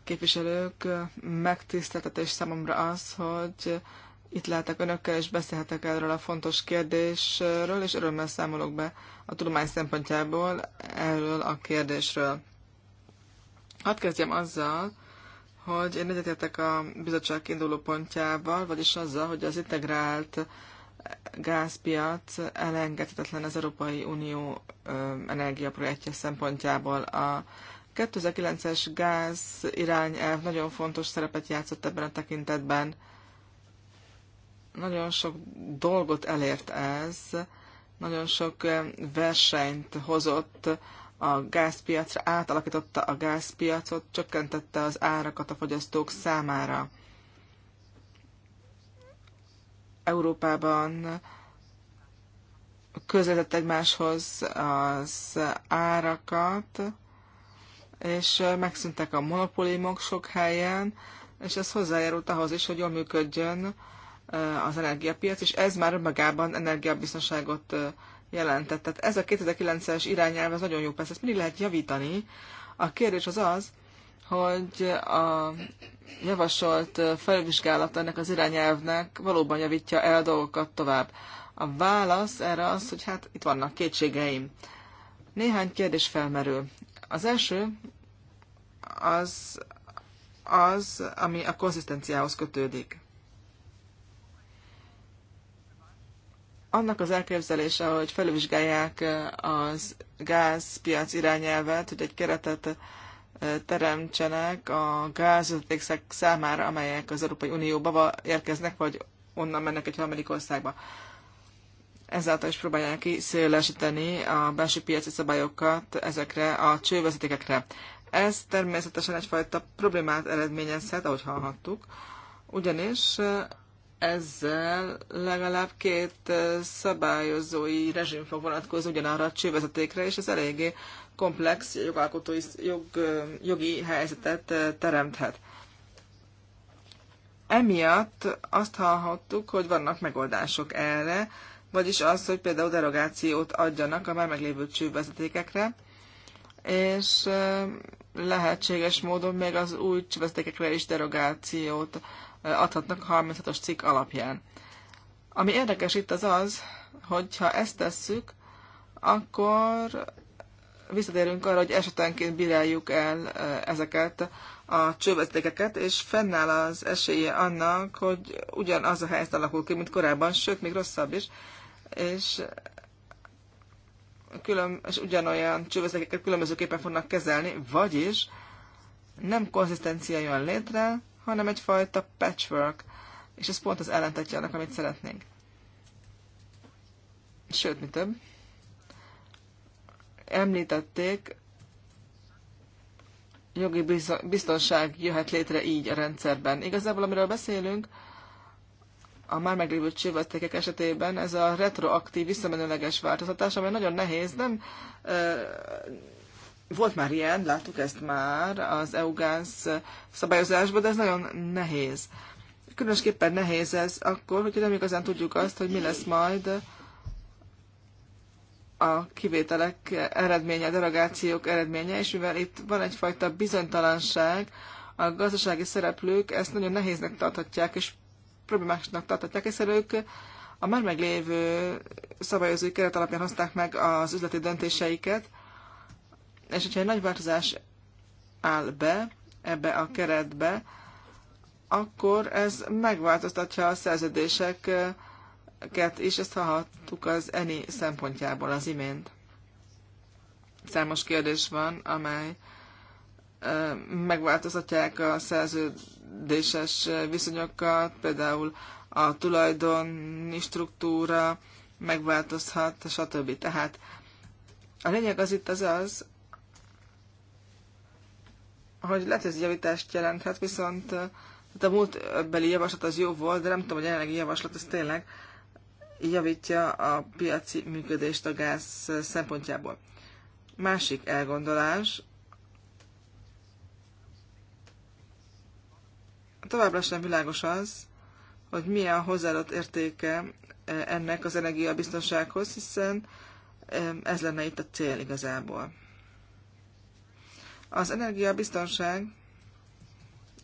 képviselők. Megtiszteltetés számomra az, hogy itt lehetek önökkel, és beszélhetek erről a fontos kérdésről, és örömmel számolok be a tudomány szempontjából erről a kérdésről. Hadd kezdjem azzal, hogy én egyetértek a bizottság induló pontjával, vagyis azzal, hogy az integrált gázpiac elengedhetetlen az Európai Unió energiaprojektje szempontjából. A 2009-es gáz irányelv nagyon fontos szerepet játszott ebben a tekintetben. Nagyon sok dolgot elért ez, nagyon sok versenyt hozott a gázpiacra, átalakította a gázpiacot, csökkentette az árakat a fogyasztók számára. Európában közvetett egymáshoz az árakat, és megszűntek a monopóliumok sok helyen, és ez hozzájárult ahhoz is, hogy jól működjön az energiapiac, és ez már önmagában energiabiztonságot jelentett. Tehát ez a 2009-es irányelv, az nagyon jó, persze ezt mindig lehet javítani. A kérdés az az, hogy a javasolt felvizsgálat ennek az irányelvnek valóban javítja el dolgokat tovább. A válasz erre az, hogy hát itt vannak kétségeim. Néhány kérdés felmerül. Az első az, az ami a konzisztenciához kötődik. annak az elképzelése, hogy felvizsgálják az gázpiac irányelvet, hogy egy keretet teremtsenek a gázvezetékszek számára, amelyek az Európai Unióba érkeznek, vagy onnan mennek egy harmadik országba. Ezáltal is próbálják kiszélesíteni a belső piaci szabályokat ezekre a csővezetékekre. Ez természetesen egyfajta problémát eredményezhet, ahogy hallhattuk, ugyanis ezzel legalább két szabályozói rezsim fog vonatkozni ugyanarra a csővezetékre, és ez eléggé komplex jogalkotói jog, jogi helyzetet teremthet. Emiatt azt hallhattuk, hogy vannak megoldások erre, vagyis az, hogy például derogációt adjanak a már meglévő csővezetékekre, és lehetséges módon még az új csövesztékekre is derogációt adhatnak a 36-os cikk alapján. Ami érdekes itt az az, hogyha ezt tesszük, akkor visszatérünk arra, hogy esetenként bíráljuk el ezeket a csővezetékeket, és fennáll az esélye annak, hogy ugyanaz a helyzet alakul ki, mint korábban, sőt, még rosszabb is, és külön, és ugyanolyan csővezelékeket különbözőképpen fognak kezelni, vagyis nem konzisztencia jön létre, hanem egyfajta patchwork, és ez pont az ellentetje annak, amit szeretnénk. Sőt, mi több. Említették, jogi biztonság jöhet létre így a rendszerben. Igazából, amiről beszélünk, a már meglévő csővezetékek esetében ez a retroaktív, visszamenőleges változtatás, amely nagyon nehéz, nem volt már ilyen, láttuk ezt már az EUGANS szabályozásban, de ez nagyon nehéz. Különösképpen nehéz ez akkor, hogyha nem igazán tudjuk azt, hogy mi lesz majd a kivételek eredménye, a derogációk eredménye, és mivel itt van egyfajta bizonytalanság, a gazdasági szereplők ezt nagyon nehéznek tarthatják, és problémásnak tartatják, hiszen ők a már meglévő szabályozói keret alapján hozták meg az üzleti döntéseiket, és hogyha egy nagy változás áll be ebbe a keretbe, akkor ez megváltoztatja a szerződéseket is, ezt hallhattuk az ENI szempontjából az imént. Számos kérdés van, amely megváltoztatják a szerződéses viszonyokat, például a tulajdoni struktúra megváltozhat, stb. Tehát a lényeg az itt az az, hogy lehet, hogy ez javítást jelenthet, viszont a múltbeli javaslat az jó volt, de nem tudom, hogy a jelenlegi javaslat az tényleg javítja a piaci működést a gáz szempontjából. Másik elgondolás, továbbra sem világos az, hogy milyen hozzáadott értéke e, ennek az energiabiztonsághoz, hiszen e, ez lenne itt a cél igazából. Az energiabiztonság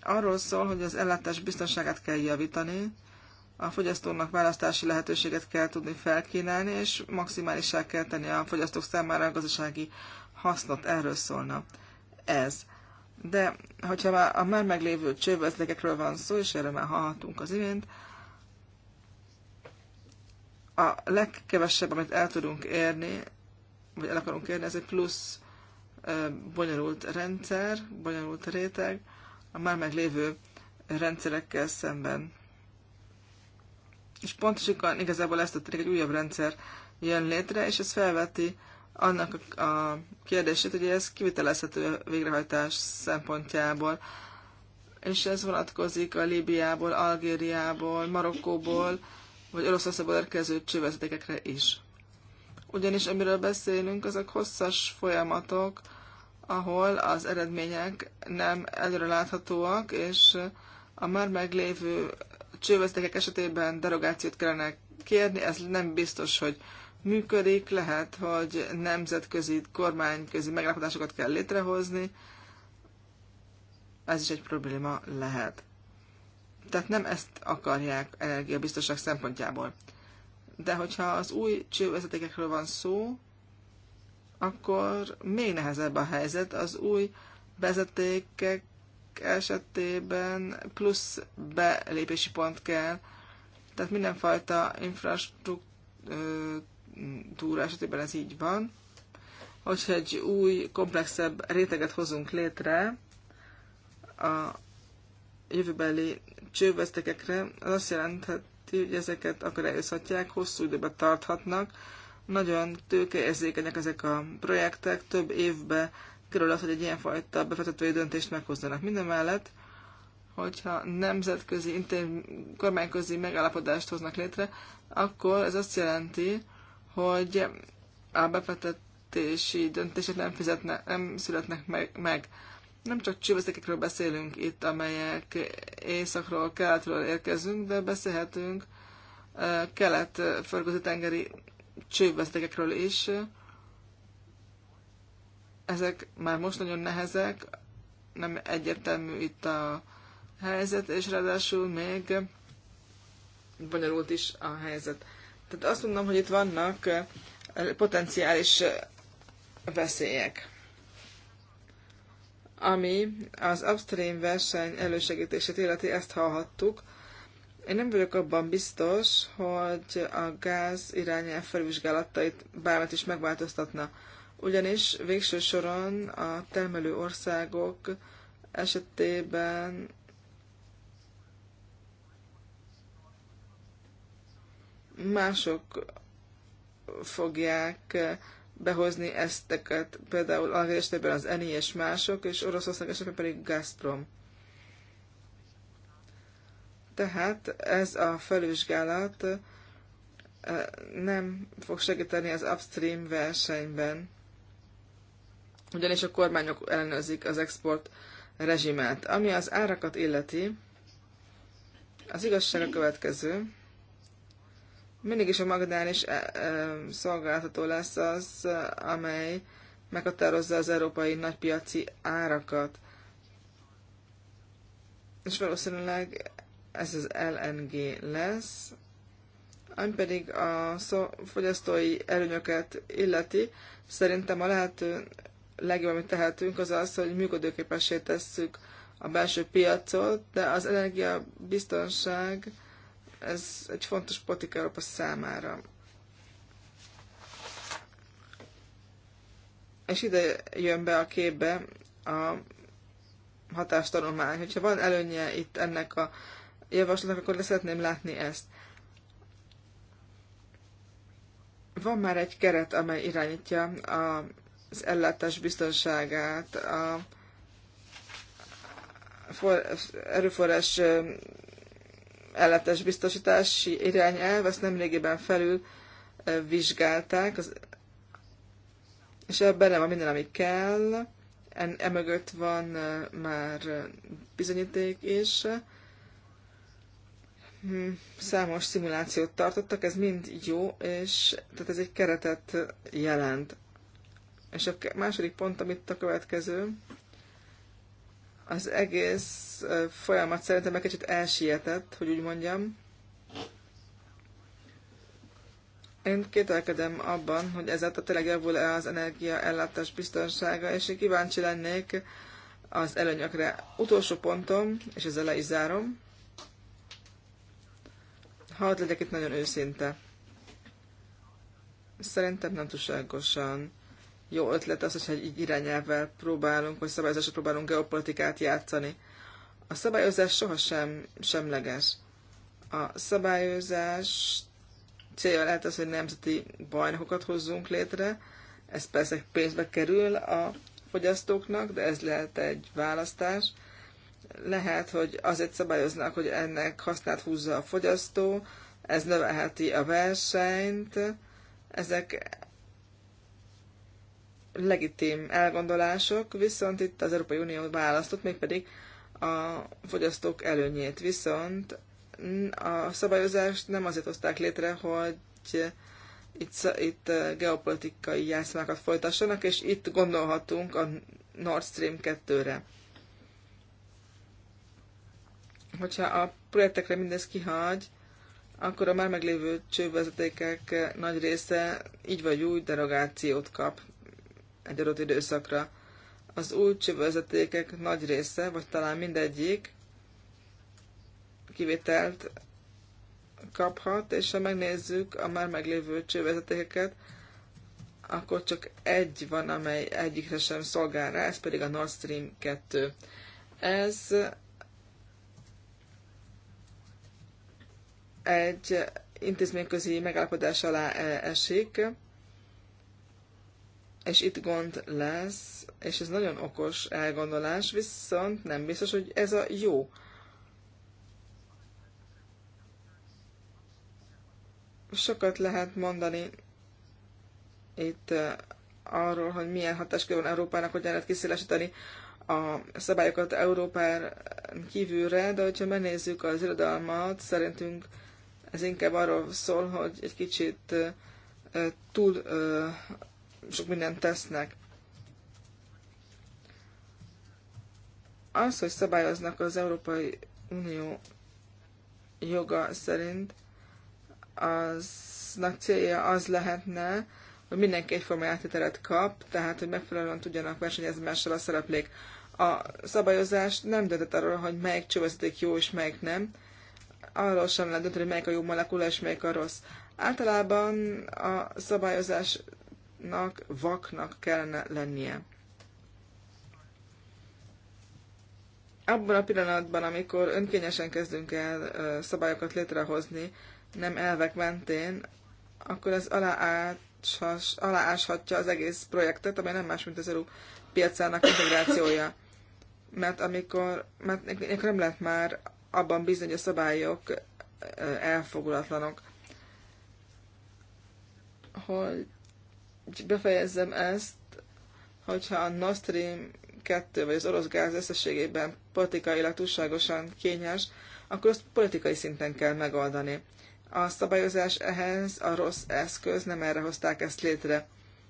arról szól, hogy az ellátás biztonságát kell javítani, a fogyasztónak választási lehetőséget kell tudni felkínálni, és maximálisá kell tenni a fogyasztók számára a gazdasági hasznot. Erről szólna ez de hogyha már a már meglévő csővezetékekről van szó, és erre már hallhatunk az imént, a legkevesebb, amit el tudunk érni, vagy el akarunk érni, ez egy plusz bonyolult rendszer, bonyolult réteg, a már meglévő rendszerekkel szemben. És pontosan igazából ezt a egy újabb rendszer jön létre, és ez felveti annak a kérdését, hogy ez kivitelezhető végrehajtás szempontjából. És ez vonatkozik a Líbiából, Algériából, Marokkóból, vagy Oroszországból érkező csővezetékekre is. Ugyanis amiről beszélünk, azok hosszas folyamatok, ahol az eredmények nem előre láthatóak, és a már meglévő csővezetékek esetében derogációt kellene kérni, ez nem biztos, hogy működik, lehet, hogy nemzetközi, kormányközi megállapodásokat kell létrehozni, ez is egy probléma lehet. Tehát nem ezt akarják energiabiztonság szempontjából. De hogyha az új csővezetékekről van szó, akkor még nehezebb a helyzet. Az új vezetékek esetében plusz belépési pont kell, tehát mindenfajta infrastruktúra túra esetében ez így van. Hogyha egy új, komplexebb réteget hozunk létre a jövőbeli csővesztekekre, az azt jelentheti, hogy ezeket akadályozhatják, hosszú időbe tarthatnak, nagyon tőkeérzékenyek ezek a projektek, több évbe kerül az, hogy egy ilyenfajta befektetői döntést meghozzanak. Minden mellett, hogyha nemzetközi, inter, kormányközi megállapodást hoznak létre, akkor ez azt jelenti, hogy a befektetési döntések nem, fizetne, nem születnek meg. meg. Nem csak csővezetékekről beszélünk itt, amelyek északról, keletről érkezünk, de beszélhetünk kelet földközi tengeri csővezetékekről is. Ezek már most nagyon nehezek, nem egyértelmű itt a helyzet, és ráadásul még bonyolult is a helyzet. Tehát azt mondom, hogy itt vannak potenciális veszélyek, ami az upstream verseny elősegítését illeti, ezt hallhattuk. Én nem vagyok abban biztos, hogy a gáz irányelv felvizsgálatait bármit is megváltoztatna. Ugyanis végső soron a termelő országok esetében mások fogják eh, behozni ezteket, például annak esetében az ENI és mások, és Oroszország esetében pedig Gazprom. Tehát ez a felvizsgálat eh, nem fog segíteni az upstream versenyben, ugyanis a kormányok ellenőrzik az export rezsimet. Ami az árakat illeti, az igazság a következő mindig is a magdális e, e, szolgáltató lesz az, e, amely meghatározza az európai nagypiaci árakat. És valószínűleg ez az LNG lesz, ami pedig a fogyasztói előnyöket illeti, szerintem a lehető legjobb, amit tehetünk, az az, hogy működőképessé tesszük a belső piacot, de az energiabiztonság biztonság ez egy fontos politika a számára. És ide jön be a képbe a hatástanulmány. Hogyha van előnye itt ennek a javaslatnak, akkor le szeretném látni ezt. Van már egy keret, amely irányítja az ellátás biztonságát, a erőforrás ellátás biztosítási irányelv, ezt nemrégiben felül vizsgálták, az, és ebben nem van minden, ami kell, en, emögött van már bizonyíték is. Hm, számos szimulációt tartottak, ez mind jó, és tehát ez egy keretet jelent. És a második pont, amit a következő, az egész folyamat szerintem egy kicsit elsietett, hogy úgy mondjam. Én kételkedem abban, hogy ezáltal tényleg javul-e az energiaellátás biztonsága, és én kíváncsi lennék az előnyökre. Utolsó pontom, és ezzel le is zárom. Hadd legyek itt nagyon őszinte. Szerintem nem túlságosan jó ötlet az, hogyha egy irányelvvel próbálunk, vagy szabályozásra próbálunk geopolitikát játszani. A szabályozás sohasem semleges. A szabályozás célja lehet az, hogy nemzeti bajnokokat hozzunk létre, ez persze pénzbe kerül a fogyasztóknak, de ez lehet egy választás. Lehet, hogy azért szabályoznak, hogy ennek hasznát húzza a fogyasztó, ez növelheti a versenyt, ezek legitim elgondolások, viszont itt az Európai Unió választott, mégpedig a fogyasztók előnyét. Viszont a szabályozást nem azért hozták létre, hogy itt, itt geopolitikai játszmákat folytassanak, és itt gondolhatunk a Nord Stream 2-re. Hogyha a projektekre mindez kihagy, akkor a már meglévő csővezetékek nagy része így vagy úgy derogációt kap egy adott időszakra. Az új csövezetékek nagy része, vagy talán mindegyik kivételt kaphat, és ha megnézzük a már meglévő csővezetékeket, akkor csak egy van, amely egyikre sem szolgál rá, ez pedig a Nord Stream 2. Ez egy intézményközi megállapodás alá eh, esik, és itt gond lesz, és ez nagyon okos elgondolás, viszont nem biztos, hogy ez a jó. Sokat lehet mondani itt eh, arról, hogy milyen hatáskör van Európának, hogyan lehet kiszélesíteni a szabályokat Európán kívülre, de hogyha megnézzük az irodalmat, szerintünk ez inkább arról szól, hogy egy kicsit eh, eh, túl sok mindent tesznek. Az, hogy szabályoznak az Európai Unió joga szerint, aznak célja az lehetne, hogy mindenki egyforma játéteret kap, tehát hogy megfelelően tudjanak versenyezni mással a szereplék. A szabályozás nem döntött arról, hogy melyik csövezeték jó és melyik nem. Arról sem lehet dönteni, hogy melyik a jó molekula és melyik a rossz. Általában a szabályozás vaknak, vaknak kellene lennie. Abban a pillanatban, amikor önkényesen kezdünk el szabályokat létrehozni, nem elvek mentén, akkor ez alááshatja az egész projektet, amely nem más, mint az EU piacának integrációja. Mert amikor, mert amikor nem lehet már abban bizony, hogy a szabályok elfogulatlanok, hogy hogy befejezzem ezt, hogyha a Nord Stream 2 vagy az orosz gáz összességében politikailag túlságosan kényes, akkor azt politikai szinten kell megoldani. A szabályozás ehhez a rossz eszköz, nem erre hozták ezt létre,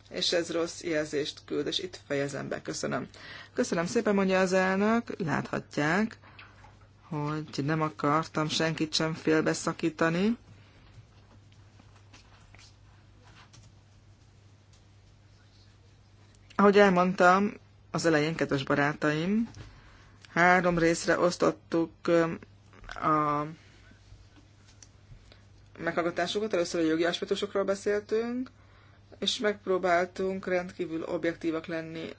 és ez rossz jelzést küld, és itt fejezem be. Köszönöm. Köszönöm szépen, mondja az elnök, láthatják, hogy nem akartam senkit sem félbeszakítani. Ahogy elmondtam az elején, kedves barátaim, három részre osztottuk a meghallgatásokat, Először a jogi aspektusokról beszéltünk, és megpróbáltunk rendkívül objektívak lenni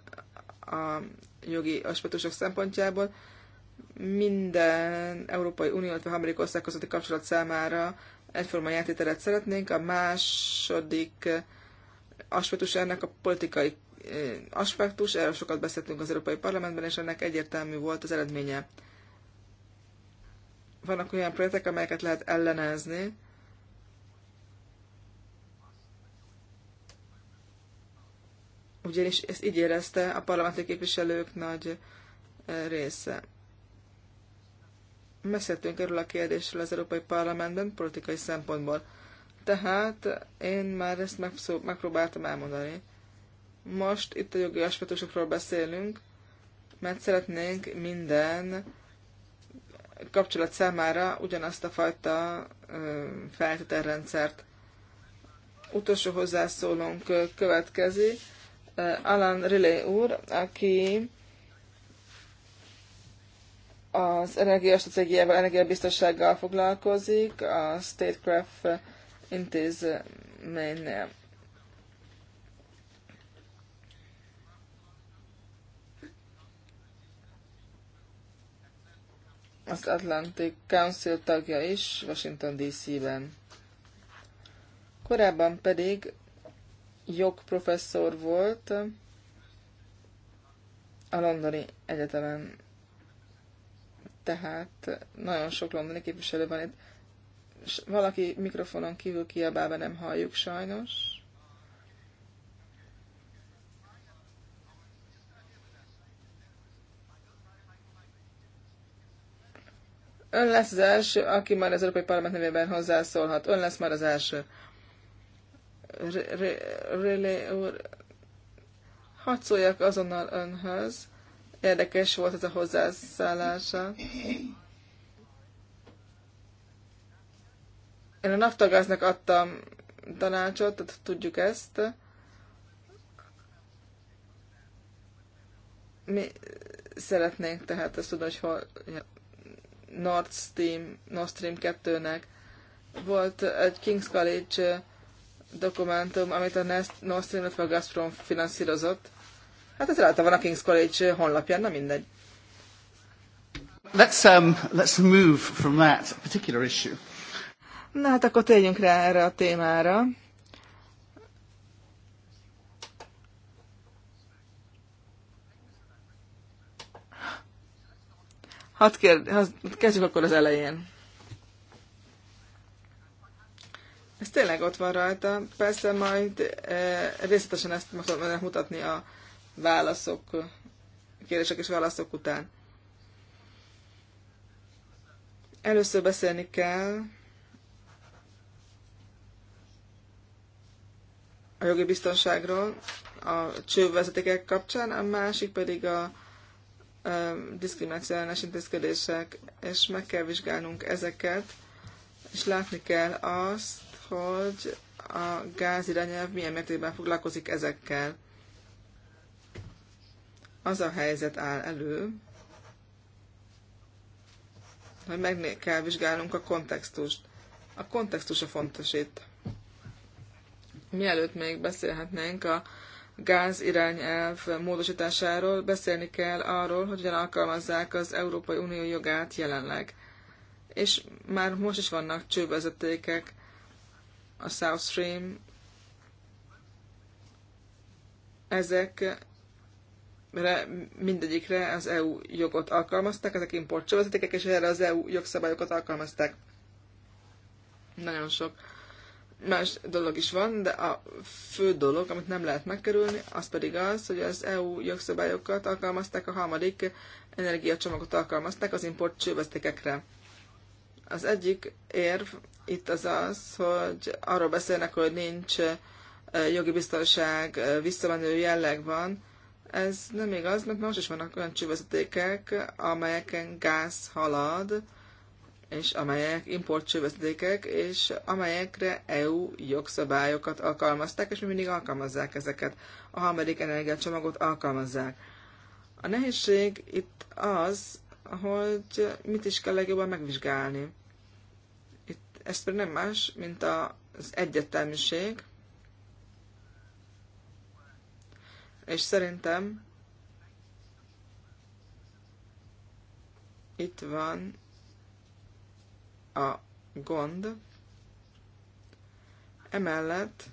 a jogi aspektusok szempontjából. Minden Európai Unió, illetve amerikai ország közötti kapcsolat számára egyforma játéteret szeretnénk. A második aspektus ennek a politikai aspektus, erről sokat beszéltünk az Európai Parlamentben, és ennek egyértelmű volt az eredménye. Vannak olyan projektek, amelyeket lehet ellenezni, ugyanis ezt így érezte a parlamenti képviselők nagy eh, része. Beszéltünk erről a kérdésről az Európai Parlamentben politikai szempontból. Tehát én már ezt megpróbáltam elmondani. Most itt a jogi aspektusokról beszélünk, mert szeretnénk minden kapcsolat számára ugyanazt a fajta feltételrendszert. Utolsó hozzászólónk következi, Alan Riley úr, aki az energiastratégiával, energiabiztossággal foglalkozik a Statecraft intézménynél. az Atlantic Council tagja is Washington DC-ben. Korábban pedig jogprofesszor volt a Londoni Egyetemen. Tehát nagyon sok londoni képviselő van itt. Valaki mikrofonon kívül kiabálva nem halljuk sajnos. Ön lesz az első, aki már az Európai Parlament nevében hozzászólhat. Ön lesz már az első. Rélé úr, hadd szóljak azonnal önhöz. Érdekes volt ez a hozzászállása. Én a naftagáznak adtam tanácsot, tehát tudjuk ezt. Mi szeretnénk tehát ezt tudni, hogy hol Nord Stream, Nord Stream 2-nek. Volt egy King's College dokumentum, amit a Nord Stream, a Gazprom finanszírozott. Hát ez rajta van a King's College honlapján, nem mindegy. Let's, um, let's move from that particular issue. Na hát akkor térjünk rá erre a témára. Hadd kér, hadd kezdjük akkor az elején. Ez tényleg ott van rajta. Persze majd eh, részletesen ezt meg tudom mutatni a válaszok, kérdések és válaszok után. Először beszélni kell a jogi biztonságról a csővezetékek kapcsán, a másik pedig a diszkrimináció ellenes intézkedések, és meg kell vizsgálnunk ezeket, és látni kell azt, hogy a gázirányelv milyen mértékben foglalkozik ezekkel. Az a helyzet áll elő, hogy meg kell vizsgálnunk a kontextust. A kontextus a fontos itt. Mielőtt még beszélhetnénk a gáz irányelv módosításáról, beszélni kell arról, hogy hogyan alkalmazzák az Európai Unió jogát jelenleg. És már most is vannak csővezetékek a South Stream, ezek mindegyikre az EU jogot alkalmazták, ezek import csövezetékek, és erre az EU jogszabályokat alkalmazták. Nagyon sok más dolog is van, de a fő dolog, amit nem lehet megkerülni, az pedig az, hogy az EU jogszabályokat alkalmazták, a harmadik energiacsomagot alkalmazták az import csővezetékekre. Az egyik érv itt az az, hogy arról beszélnek, hogy nincs jogi biztonság, visszamenő jelleg van. Ez nem igaz, mert most is vannak olyan csővezetékek, amelyeken gáz halad, és amelyek importcsővezetékek, és amelyekre EU jogszabályokat alkalmazták, és mi mindig alkalmazzák ezeket. A harmadik energiacsomagot alkalmazzák. A nehézség itt az, hogy mit is kell legjobban megvizsgálni. Itt ez pedig nem más, mint az egyetemiség, és szerintem itt van a gond. Emellett,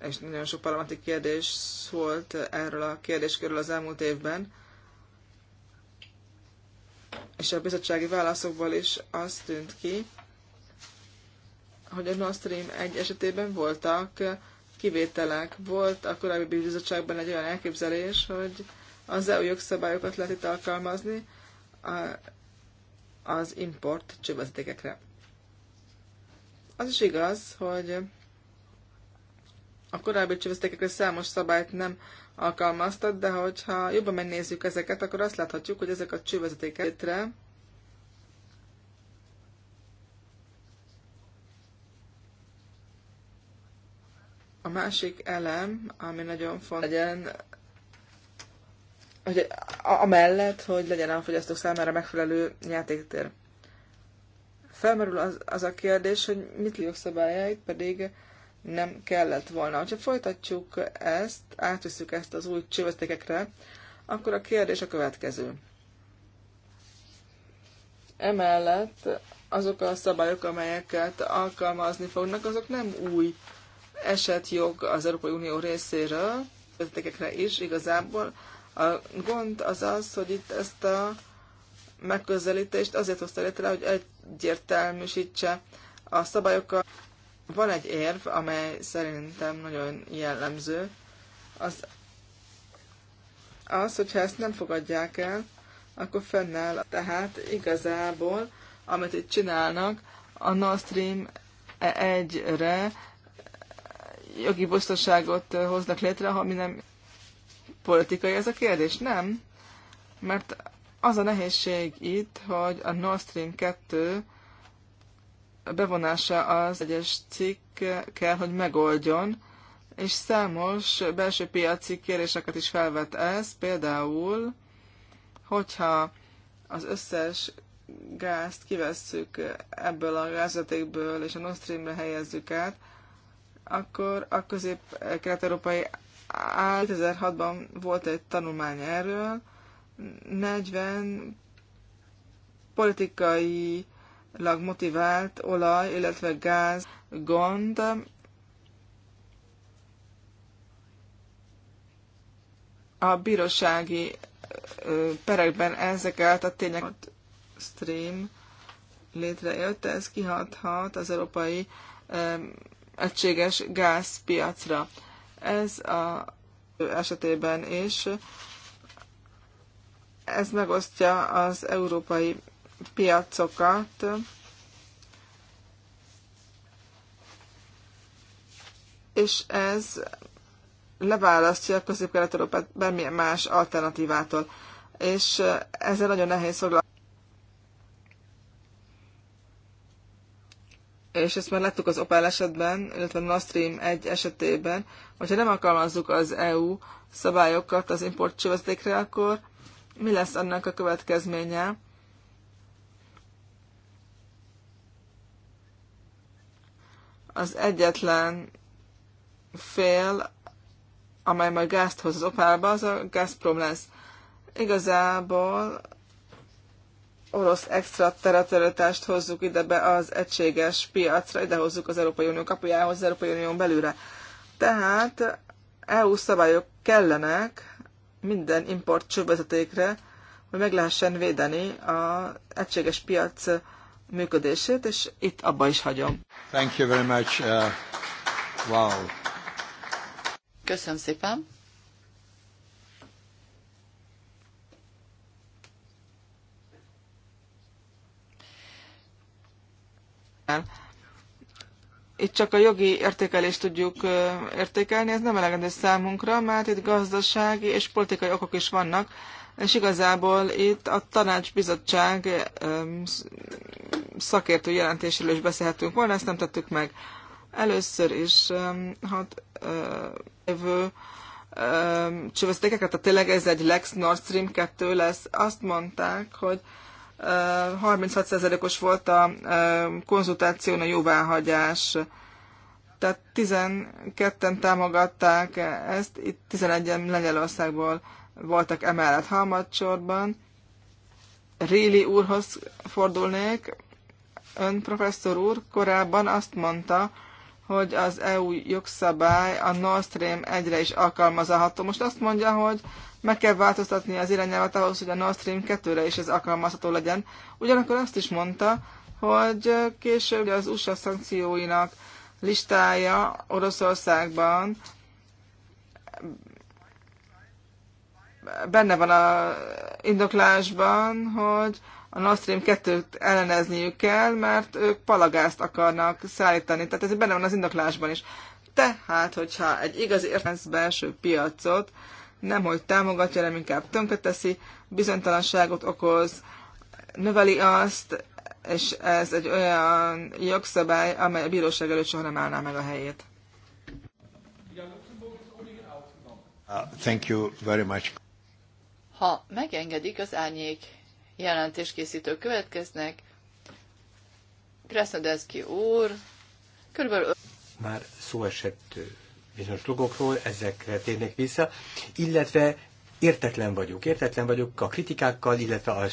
és nagyon sok parlamenti kérdés szólt erről a kérdéskörről az elmúlt évben, és a bizottsági válaszokból is az tűnt ki, hogy a Nord Stream 1 esetében voltak kivételek. Volt a korábbi bizottságban egy olyan elképzelés, hogy az EU jogszabályokat lehet itt alkalmazni, az import csővezetékekre. Az is igaz, hogy a korábbi csővezetékekre számos szabályt nem alkalmaztat, de hogyha jobban megnézzük ezeket, akkor azt láthatjuk, hogy ezek a csővezetékek létre a másik elem, ami nagyon fontos legyen hogy amellett, hogy legyen a fogyasztók számára megfelelő játéktér. Felmerül az, az a kérdés, hogy mit jogszabályait pedig nem kellett volna. Ha folytatjuk ezt, átviszük ezt az új csövetékekre, akkor a kérdés a következő. Emellett azok a szabályok, amelyeket alkalmazni fognak, azok nem új esetjog az Európai Unió részéről, csövetékekre is igazából, a gond az az, hogy itt ezt a megközelítést azért hozta létre, hogy egyértelműsítse a szabályokkal. Van egy érv, amely szerintem nagyon jellemző, az, az, hogyha ezt nem fogadják el, akkor fennáll. Tehát igazából, amit itt csinálnak, a Nord Stream 1-re jogi biztonságot hoznak létre, ha mi nem politikai ez a kérdés, nem? Mert az a nehézség itt, hogy a Nord Stream 2 bevonása az egyes cikk kell, hogy megoldjon, és számos belső piaci kéréseket is felvet ez, például, hogyha az összes gázt kivesszük ebből a gázatékből, és a Nord Streamre helyezzük át, akkor a közép-kelet-európai 2006-ban volt egy tanulmány erről, 40 politikailag motivált olaj, illetve gáz gond, a bírósági perekben ezeket a tényeket stream létrejött, ez kihathat az európai egységes gázpiacra. Ez a esetében is ez megosztja az európai piacokat. És ez leválasztja a közép-kelet-európát bármilyen más alternatívától. És ezzel nagyon nehéz foglalkozni. És ezt már láttuk az Opel esetben, illetve Nord Stream 1 esetében, Hogyha nem alkalmazzuk az EU szabályokat az importcsövezdékre, akkor mi lesz annak a következménye? Az egyetlen fél, amely majd gázt hoz az opálba, az a Gazprom lesz. Igazából orosz extra területerőtást hozzuk ide be az egységes piacra, ide hozzuk az Európai Unió kapujához, az Európai Unión belülre. Tehát EU szabályok kellenek minden import csővezetékre, hogy meg lehessen védeni az egységes piac működését, és itt abba is hagyom. Thank you very much. Uh, wow. Köszönöm szépen. El itt csak a jogi értékelést tudjuk értékelni, ez nem elegendő számunkra, mert itt gazdasági és politikai okok is vannak, és igazából itt a tanácsbizottság szakértő jelentéséről is beszélhetünk volna, ezt nem tettük meg. Először is hat jövő csövesztékeket, tehát tényleg ez egy Lex Nord Stream 2 lesz. Azt mondták, hogy 36%-os volt a konzultáción a jóváhagyás. Tehát 12-en támogatták ezt, itt 11-en Lengyelországból voltak emellett harmadsorban. Réli úrhoz fordulnék. Ön, professzor úr, korábban azt mondta, hogy az EU jogszabály a Nord Stream egyre is alkalmazható. Most azt mondja, hogy meg kell változtatni az irányelvet ahhoz, hogy a Nord Stream 2-re is ez alkalmazható legyen. Ugyanakkor azt is mondta, hogy később az USA szankcióinak listája Oroszországban benne van a indoklásban, hogy a Nord Stream 2-t ellenezniük kell, mert ők palagázt akarnak szállítani. Tehát ez benne van az indoklásban is. Tehát, hogyha egy igazi értelmes belső piacot, nem hogy támogatja, hanem inkább tönkreteszi, bizonytalanságot okoz, növeli azt, és ez egy olyan jogszabály, amely a bíróság előtt soha nem állná meg a helyét. Uh, thank you very much. Ha megengedik, az árnyék jelentéskészítő következnek. Krasnodeszki úr, körülbelül... Már szó esett bizonyos dolgokról, ezek térnek vissza, illetve értetlen vagyok. Értetlen vagyok a kritikákkal, illetve a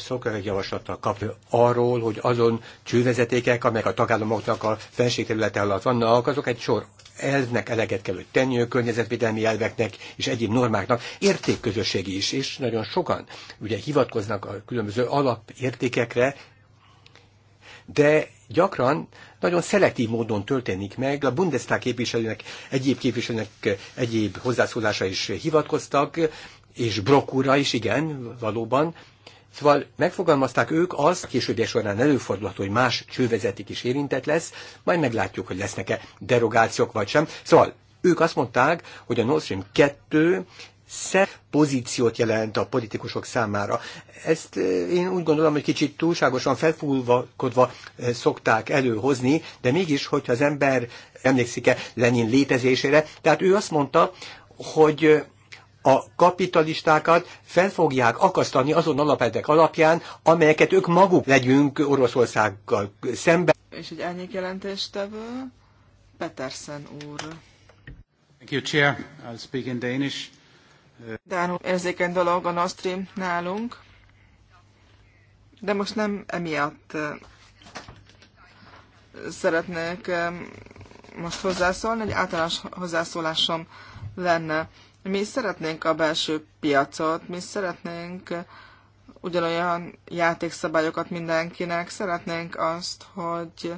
javaslattal kap arról, hogy azon csővezetékek, amelyek a tagállamoknak a fenségterülete alatt vannak, azok egy sor elvnek eleget kell, hogy tenni, környezetvédelmi elveknek és egyéb normáknak, értékközösségi is, és nagyon sokan ugye hivatkoznak a különböző alapértékekre, de gyakran nagyon szelektív módon történik meg. A Bundestag képviselőnek, egyéb képviselőnek egyéb hozzászólása is hivatkoztak, és Brokura is, igen, valóban. Szóval megfogalmazták ők az, később során előfordulhat, hogy más csővezetik is érintett lesz, majd meglátjuk, hogy lesznek-e derogációk vagy sem. Szóval ők azt mondták, hogy a Nord Stream 2 szebb pozíciót jelent a politikusok számára. Ezt eh, én úgy gondolom, hogy kicsit túlságosan felfúlvakodva eh, szokták előhozni, de mégis, hogyha az ember emlékszik-e Lenin létezésére, tehát ő azt mondta, hogy eh, a kapitalistákat fel fogják akasztani azon alapedek alapján, amelyeket ők maguk legyünk Oroszországgal szemben. És egy elnyék jelentéstevő, Petersen úr. Thank you, Chair. I'll speak in Danish. Dánul érzékeny dolog a Nord Stream nálunk, de most nem emiatt szeretnék most hozzászólni, egy általános hozzászólásom lenne. Mi szeretnénk a belső piacot, mi szeretnénk ugyanolyan játékszabályokat mindenkinek, szeretnénk azt, hogy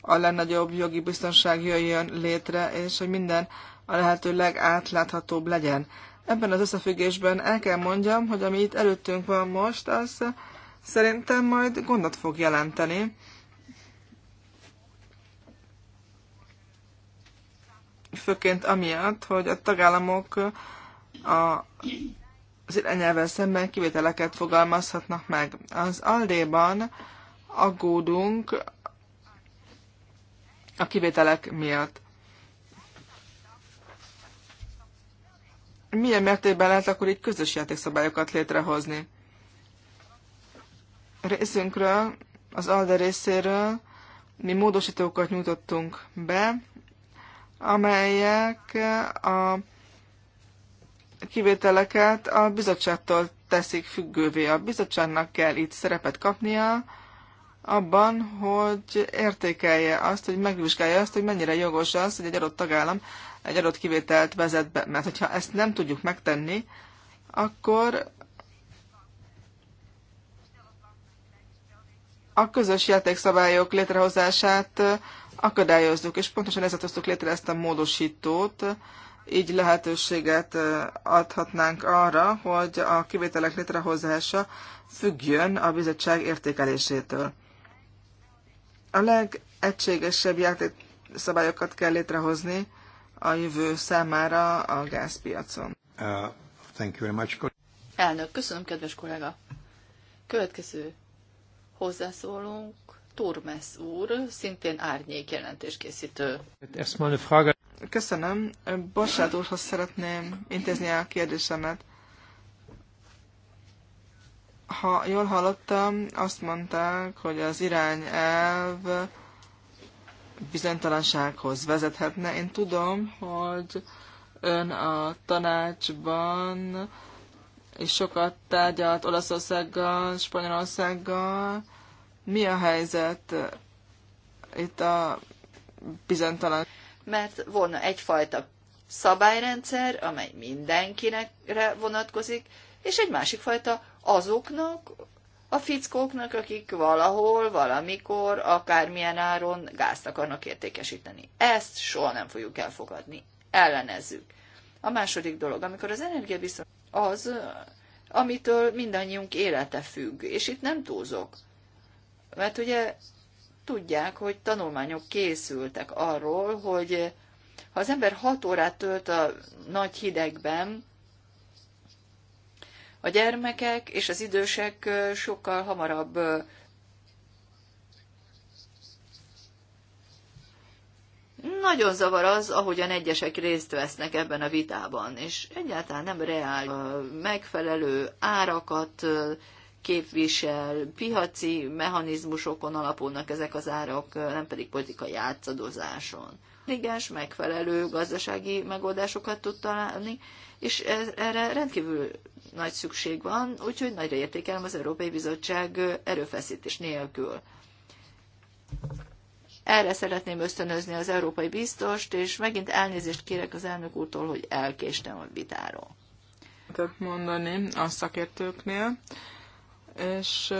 a legnagyobb jogi biztonság jöjjön létre, és hogy minden a lehető legátláthatóbb legyen. Ebben az összefüggésben el kell mondjam, hogy ami itt előttünk van most, az szerintem majd gondot fog jelenteni. Főként amiatt, hogy a tagállamok a, az irányelvvel szemben kivételeket fogalmazhatnak meg. Az Aldéban aggódunk a kivételek miatt. milyen mértékben lehet akkor így közös játékszabályokat létrehozni? Részünkről, az ALDE részéről mi módosítókat nyújtottunk be, amelyek a kivételeket a bizottságtól teszik függővé. A bizottságnak kell itt szerepet kapnia abban, hogy értékelje azt, hogy megvizsgálja azt, hogy mennyire jogos az, hogy egy adott tagállam egy adott kivételt vezet be, mert hogyha ezt nem tudjuk megtenni, akkor a közös játékszabályok létrehozását akadályozzuk, és pontosan ezért hoztuk létre ezt a módosítót, így lehetőséget adhatnánk arra, hogy a kivételek létrehozása függjön a bizottság értékelésétől. A legegységesebb játékszabályokat kell létrehozni a jövő számára a gázpiacon. Uh, thank you very much. Elnök, köszönöm, kedves kollega. Következő hozzászólunk, Turmes úr, szintén árnyék jelentéskészítő. Köszönöm. Borsát úrhoz szeretném intézni a kérdésemet. Ha jól hallottam, azt mondták, hogy az irányelv bizonytalansághoz vezethetne. Én tudom, hogy ön a tanácsban és sokat tárgyalt Olaszországgal, Spanyolországgal. Mi a helyzet itt a bizonytalan? Mert volna egyfajta szabályrendszer, amely mindenkinekre vonatkozik, és egy másik fajta azoknak, a fickóknak, akik valahol, valamikor, akármilyen áron gázt akarnak értékesíteni. Ezt soha nem fogjuk elfogadni. Ellenezzük. A második dolog, amikor az energia viszont, az, amitől mindannyiunk élete függ, és itt nem túlzok. Mert ugye tudják, hogy tanulmányok készültek arról, hogy ha az ember hat órát tölt a nagy hidegben, a gyermekek és az idősek sokkal hamarabb Nagyon zavar az, ahogyan egyesek részt vesznek ebben a vitában, és egyáltalán nem reál megfelelő árakat képvisel, piaci mechanizmusokon alapulnak ezek az árak, nem pedig politikai játszadozáson intelligens, megfelelő gazdasági megoldásokat tud találni, és ez, erre rendkívül nagy szükség van, úgyhogy nagyra értékelem az Európai Bizottság erőfeszítés nélkül. Erre szeretném ösztönözni az Európai Biztost, és megint elnézést kérek az elnök úrtól, hogy elkéstem a vitáról. Tudok mondani a szakértőknél, és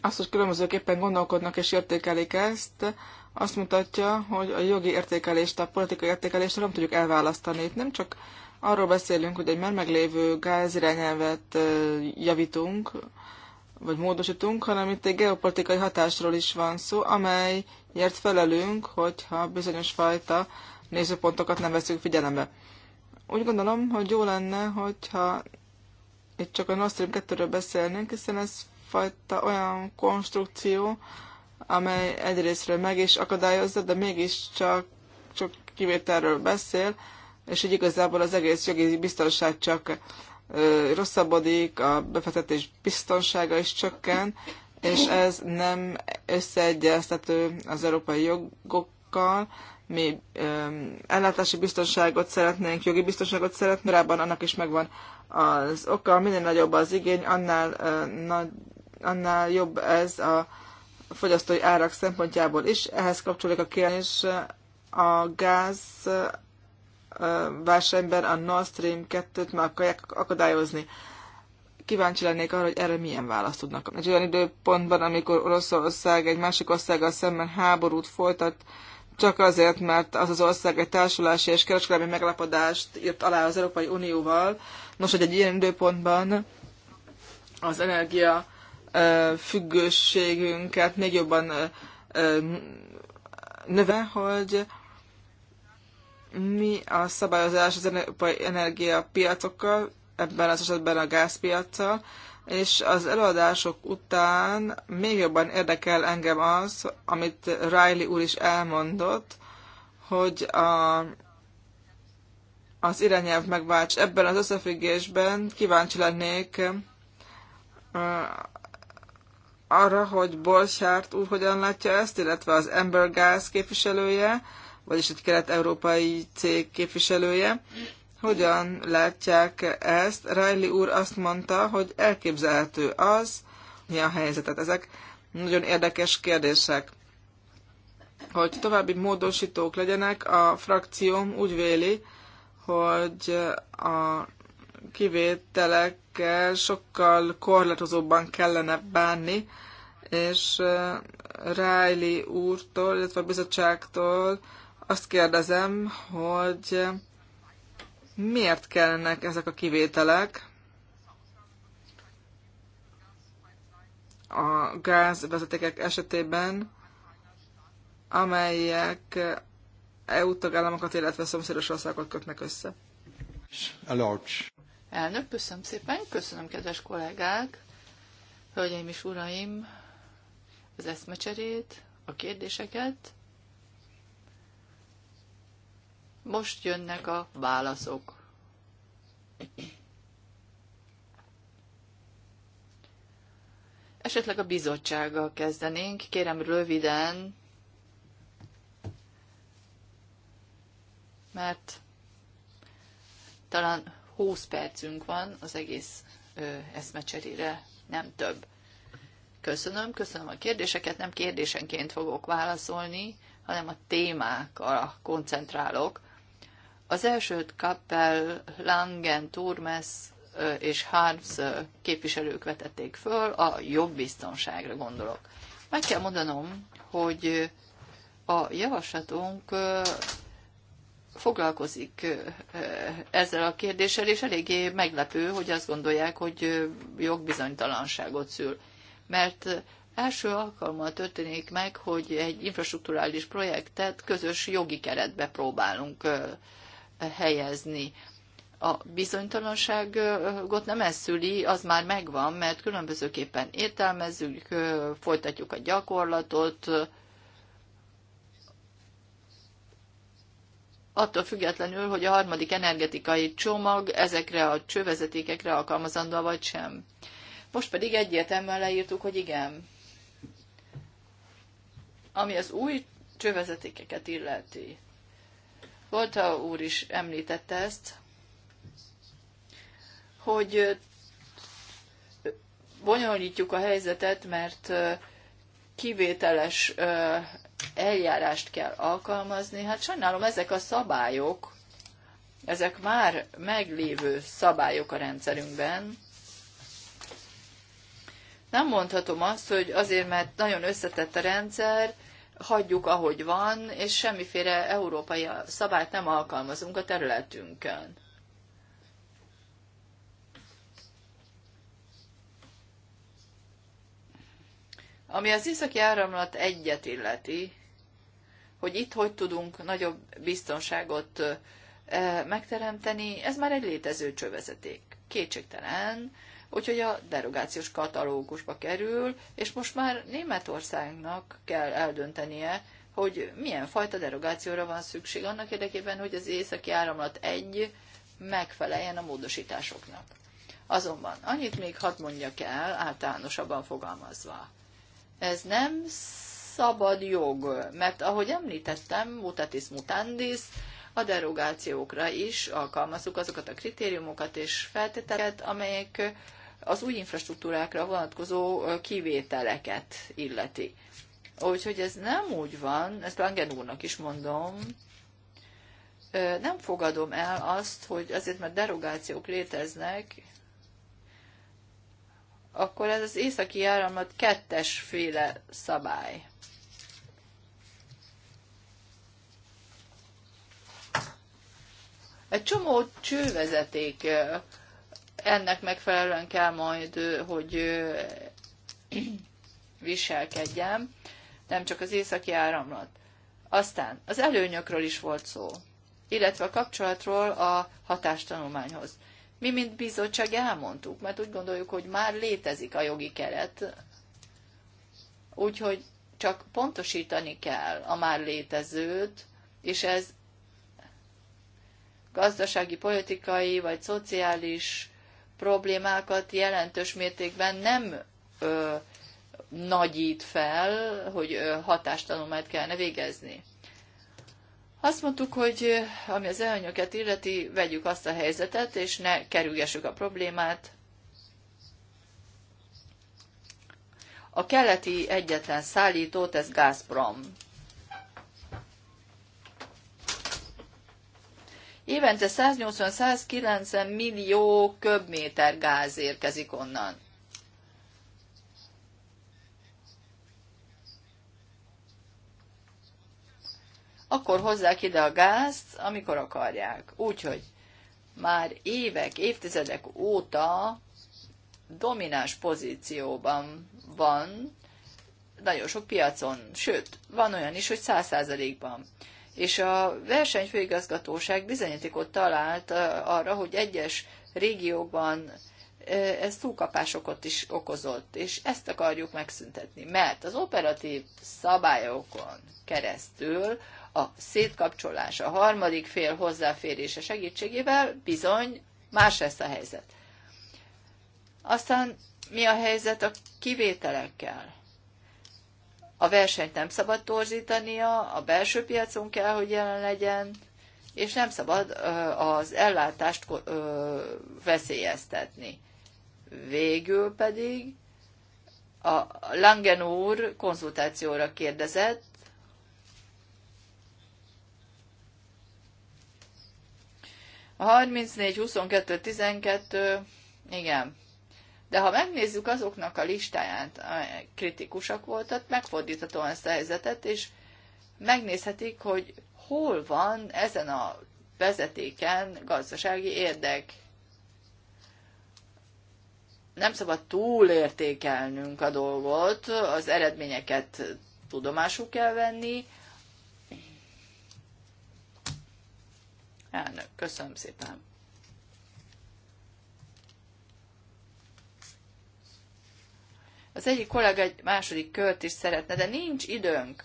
azt, hogy különbözőképpen gondolkodnak és értékelik ezt, azt mutatja, hogy a jogi értékelést, a politikai értékelést nem tudjuk elválasztani. Itt nem csak arról beszélünk, hogy egy már meglévő gázirányelvet javítunk, vagy módosítunk, hanem itt egy geopolitikai hatásról is van szó, amelyért felelünk, hogyha bizonyos fajta nézőpontokat nem veszünk figyelembe. Úgy gondolom, hogy jó lenne, hogyha itt csak a Nord Stream 2-ről beszélnénk, hiszen ez fajta olyan konstrukció, amely egyrésztről meg is akadályozza, de mégis csak csak kivételről beszél, és így igazából az egész jogi biztonság csak rosszabbodik, a befektetés biztonsága is csökken, és ez nem összeegyeztető az európai jogokkal. Mi ö, ellátási biztonságot szeretnénk, jogi biztonságot szeretnénk, rában annak is megvan az oka, minél nagyobb az igény, annál, ö, na, annál jobb ez a fogyasztói árak szempontjából is. Ehhez kapcsolódik a kérdés a gáz versenyben a Nord Stream 2-t meg akarják akadályozni. Kíváncsi lennék arra, hogy erre milyen választ tudnak. Egy olyan időpontban, amikor Oroszország egy másik országgal szemben háborút folytat, csak azért, mert az az ország egy társulási és kereskedelmi meglapodást írt alá az Európai Unióval. Nos, hogy egy ilyen időpontban az energia függőségünket még jobban növe, hogy mi a szabályozás az energiapiacokkal, ebben az esetben a gázpiacsal, és az előadások után még jobban érdekel engem az, amit Riley úr is elmondott, hogy a, az irányelv megválts. Ebben az összefüggésben kíváncsi lennék arra, hogy Bolsárt úr hogyan látja ezt, illetve az Ember Gas képviselője, vagyis egy kelet-európai cég képviselője, hogyan látják ezt? Riley úr azt mondta, hogy elképzelhető az, mi a helyzetet. Ezek nagyon érdekes kérdések. Hogy további módosítók legyenek, a frakcióm úgy véli, hogy a kivételekkel sokkal korlátozóbban kellene bánni, és Riley úrtól, illetve a bizottságtól azt kérdezem, hogy miért kellenek ezek a kivételek a gázvezetékek esetében, amelyek EU tagállamokat, illetve szomszédos országokat kötnek össze. Elnök, köszönöm szépen, köszönöm kedves kollégák, hölgyeim és uraim, az eszmecserét, a kérdéseket. Most jönnek a válaszok. Esetleg a bizottsággal kezdenénk. Kérem röviden, mert talán 20 percünk van az egész ö, eszmecserére, nem több. Köszönöm, köszönöm a kérdéseket, nem kérdésenként fogok válaszolni, hanem a témákra koncentrálok. Az elsőt Kappel, Langen, Turmes és Harms képviselők vetették föl, a jogbiztonságra gondolok. Meg kell mondanom, hogy a javaslatunk foglalkozik ezzel a kérdéssel, és eléggé meglepő, hogy azt gondolják, hogy jogbizonytalanságot szül. Mert első alkalommal történik meg, hogy egy infrastruktúrális projektet közös jogi keretbe próbálunk helyezni. A bizonytalanságot nem ez szüli, az már megvan, mert különbözőképpen értelmezzük, folytatjuk a gyakorlatot, attól függetlenül, hogy a harmadik energetikai csomag ezekre a csővezetékekre alkalmazandó vagy sem. Most pedig egyértelműen leírtuk, hogy igen. Ami az új csővezetékeket illeti. Volta úr is említette ezt, hogy bonyolítjuk a helyzetet, mert kivételes eljárást kell alkalmazni. Hát sajnálom, ezek a szabályok, ezek már meglévő szabályok a rendszerünkben. Nem mondhatom azt, hogy azért, mert nagyon összetett a rendszer, hagyjuk ahogy van, és semmiféle európai szabályt nem alkalmazunk a területünkön. Ami az északi áramlat egyet illeti, hogy itt hogy tudunk nagyobb biztonságot e, megteremteni, ez már egy létező csövezeték. Kétségtelen, úgyhogy a derogációs katalógusba kerül, és most már Németországnak kell eldöntenie, hogy milyen fajta derogációra van szükség annak érdekében, hogy az északi áramlat egy megfeleljen a módosításoknak. Azonban annyit még hadd mondjak el, általánosabban fogalmazva. Ez nem szabad jog, mert ahogy említettem, mutatis mutandis, a derogációkra is alkalmazzuk azokat a kritériumokat és feltételeket, amelyek az új infrastruktúrákra vonatkozó kivételeket illeti. Úgyhogy ez nem úgy van, ezt Langen úrnak is mondom, nem fogadom el azt, hogy azért, mert derogációk léteznek, akkor ez az északi áramlat kettesféle szabály. Egy csomó csővezeték ennek megfelelően kell majd, hogy [CLEARS THROAT] viselkedjem, nem csak az északi áramlat. Aztán az előnyökről is volt szó, illetve a kapcsolatról a hatástanulmányhoz. Mi, mint bizottság elmondtuk, mert úgy gondoljuk, hogy már létezik a jogi keret, úgyhogy csak pontosítani kell a már létezőt, és ez gazdasági, politikai vagy szociális problémákat jelentős mértékben nem ö, nagyít fel, hogy ö, hatástanulmányt kellene végezni. Azt mondtuk, hogy ami az elnyöket illeti, vegyük azt a helyzetet, és ne kerüljessük a problémát. A keleti egyetlen szállítót, ez Gazprom. Évente 180-190 millió köbméter gáz érkezik onnan. Akkor hozzák ide a gázt, amikor akarják. Úgyhogy már évek, évtizedek óta domináns pozícióban van nagyon sok piacon, sőt, van olyan is, hogy 100%-ban és a versenyfőigazgatóság bizonyítékot talált arra, hogy egyes régióban ez túlkapásokat is okozott, és ezt akarjuk megszüntetni, mert az operatív szabályokon keresztül a szétkapcsolás, a harmadik fél hozzáférése segítségével bizony más lesz a helyzet. Aztán mi a helyzet a kivételekkel? A versenyt nem szabad torzítania, a belső piacon kell, hogy jelen legyen, és nem szabad az ellátást veszélyeztetni. Végül pedig a Langen úr konzultációra kérdezett, A 34, 22, 12, igen, de ha megnézzük azoknak a listáját, amelyek kritikusak voltak, megfordíthatóan ezt a helyzetet, és megnézhetik, hogy hol van ezen a vezetéken gazdasági érdek. Nem szabad túlértékelnünk a dolgot, az eredményeket tudomásuk kell venni. Elnök, köszönöm szépen. Az egyik kollega egy második kört is szeretne, de nincs időnk.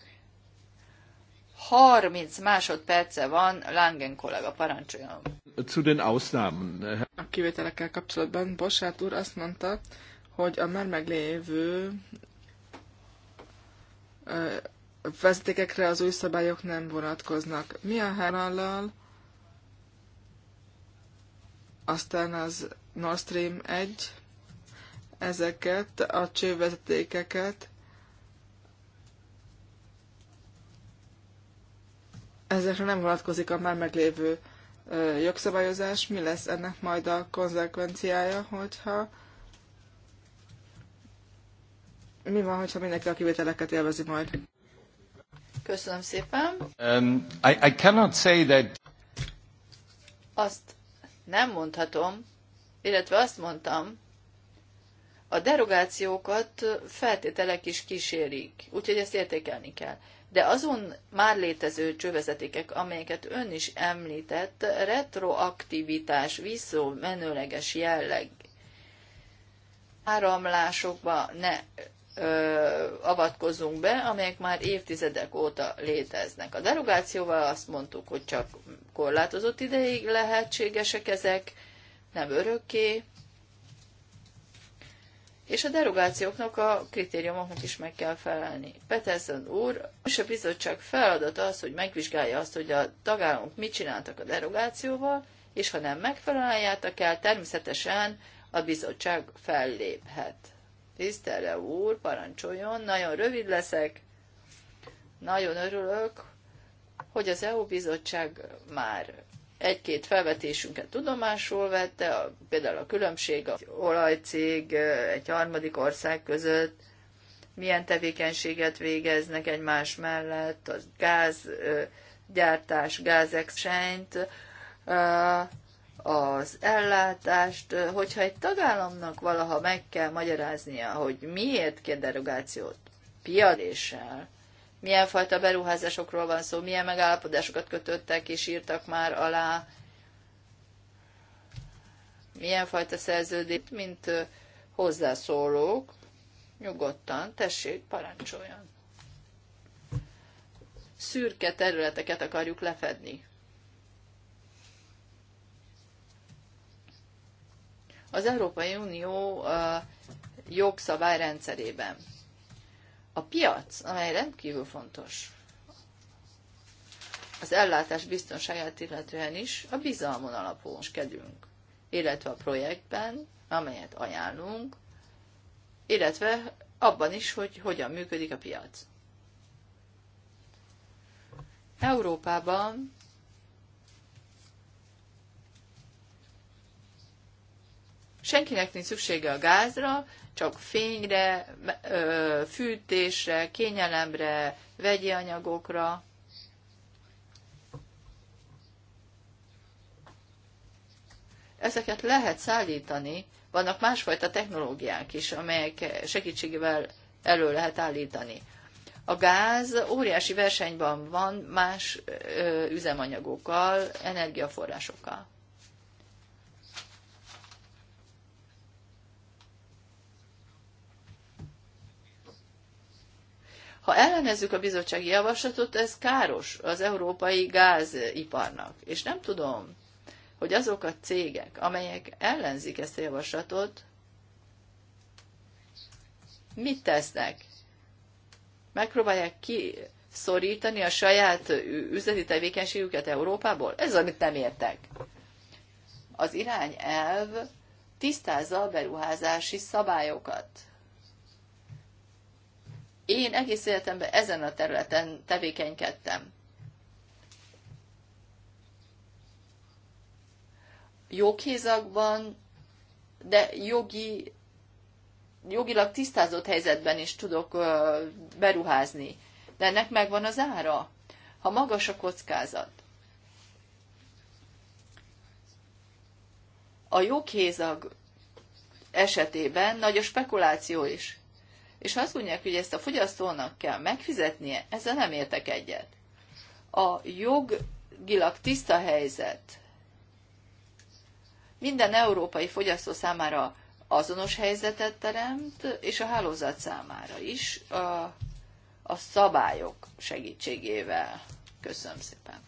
30 másodperce van, Langen kollega, parancsoljon. Zu den Ausnahmen. A kivételekkel kapcsolatban Bosát úr azt mondta, hogy a már meglévő vezetékekre az új szabályok nem vonatkoznak. Mi a hárallal? Aztán az Nord Stream 1, ezeket a csővezetékeket. Ezekre nem vonatkozik a már meglévő jogszabályozás. Mi lesz ennek majd a konzekvenciája, hogyha mi van, hogyha mindenki a kivételeket élvezi majd? Köszönöm szépen. Um, I, I cannot say that... Azt nem mondhatom, illetve azt mondtam, a derogációkat feltételek is kísérik, úgyhogy ezt értékelni kell. De azon már létező csővezetékek, amelyeket ön is említett, retroaktivitás, visszamenőleges jelleg áramlásokba ne ö, avatkozunk be, amelyek már évtizedek óta léteznek. A derogációval azt mondtuk, hogy csak korlátozott ideig lehetségesek ezek, nem örökké, és a derogációknak a kritériumoknak is meg kell felelni. Peterson úr, és a bizottság feladata az, hogy megvizsgálja azt, hogy a tagállamok mit csináltak a derogációval, és ha nem megfeleljátok el, természetesen a bizottság felléphet. Tisztele úr, parancsoljon, nagyon rövid leszek, nagyon örülök, hogy az EU bizottság már egy-két felvetésünket tudomásul vette, például a különbség a olajcég egy harmadik ország között, milyen tevékenységet végeznek egymás mellett, a gázgyártás, gázexsenyt, az ellátást, hogyha egy tagállamnak valaha meg kell magyaráznia, hogy miért kér derogációt piadéssel, milyen fajta beruházásokról van szó, milyen megállapodásokat kötöttek és írtak már alá, milyen fajta szerződést, mint hozzászólók. Nyugodtan, tessék, parancsoljon. Szürke területeket akarjuk lefedni. Az Európai Unió jogszabályrendszerében a piac, amely rendkívül fontos az ellátás biztonságát illetően is a bizalmon kedünk, illetve a projektben, amelyet ajánlunk, illetve abban is, hogy hogyan működik a piac. Európában senkinek nincs szüksége a gázra, csak fényre, fűtésre, kényelemre, vegyi anyagokra. Ezeket lehet szállítani, vannak másfajta technológiák is, amelyek segítségével elő lehet állítani. A gáz óriási versenyben van más üzemanyagokkal, energiaforrásokkal. Ha ellenezzük a bizottsági javaslatot, ez káros az európai gáziparnak. És nem tudom, hogy azok a cégek, amelyek ellenzik ezt a javaslatot, mit tesznek? Megpróbálják kiszorítani a saját üzleti tevékenységüket Európából? Ez, amit nem értek. Az irányelv tisztázza a beruházási szabályokat én egész életemben ezen a területen tevékenykedtem. Joghézakban, de jogi, jogilag tisztázott helyzetben is tudok beruházni. De ennek megvan az ára, ha magas a kockázat. A joghézag esetében nagy a spekuláció is és ha azt mondják, hogy ezt a fogyasztónak kell megfizetnie, ezzel nem értek egyet. A jogilag tiszta helyzet minden európai fogyasztó számára azonos helyzetet teremt, és a hálózat számára is a, a szabályok segítségével. Köszönöm szépen.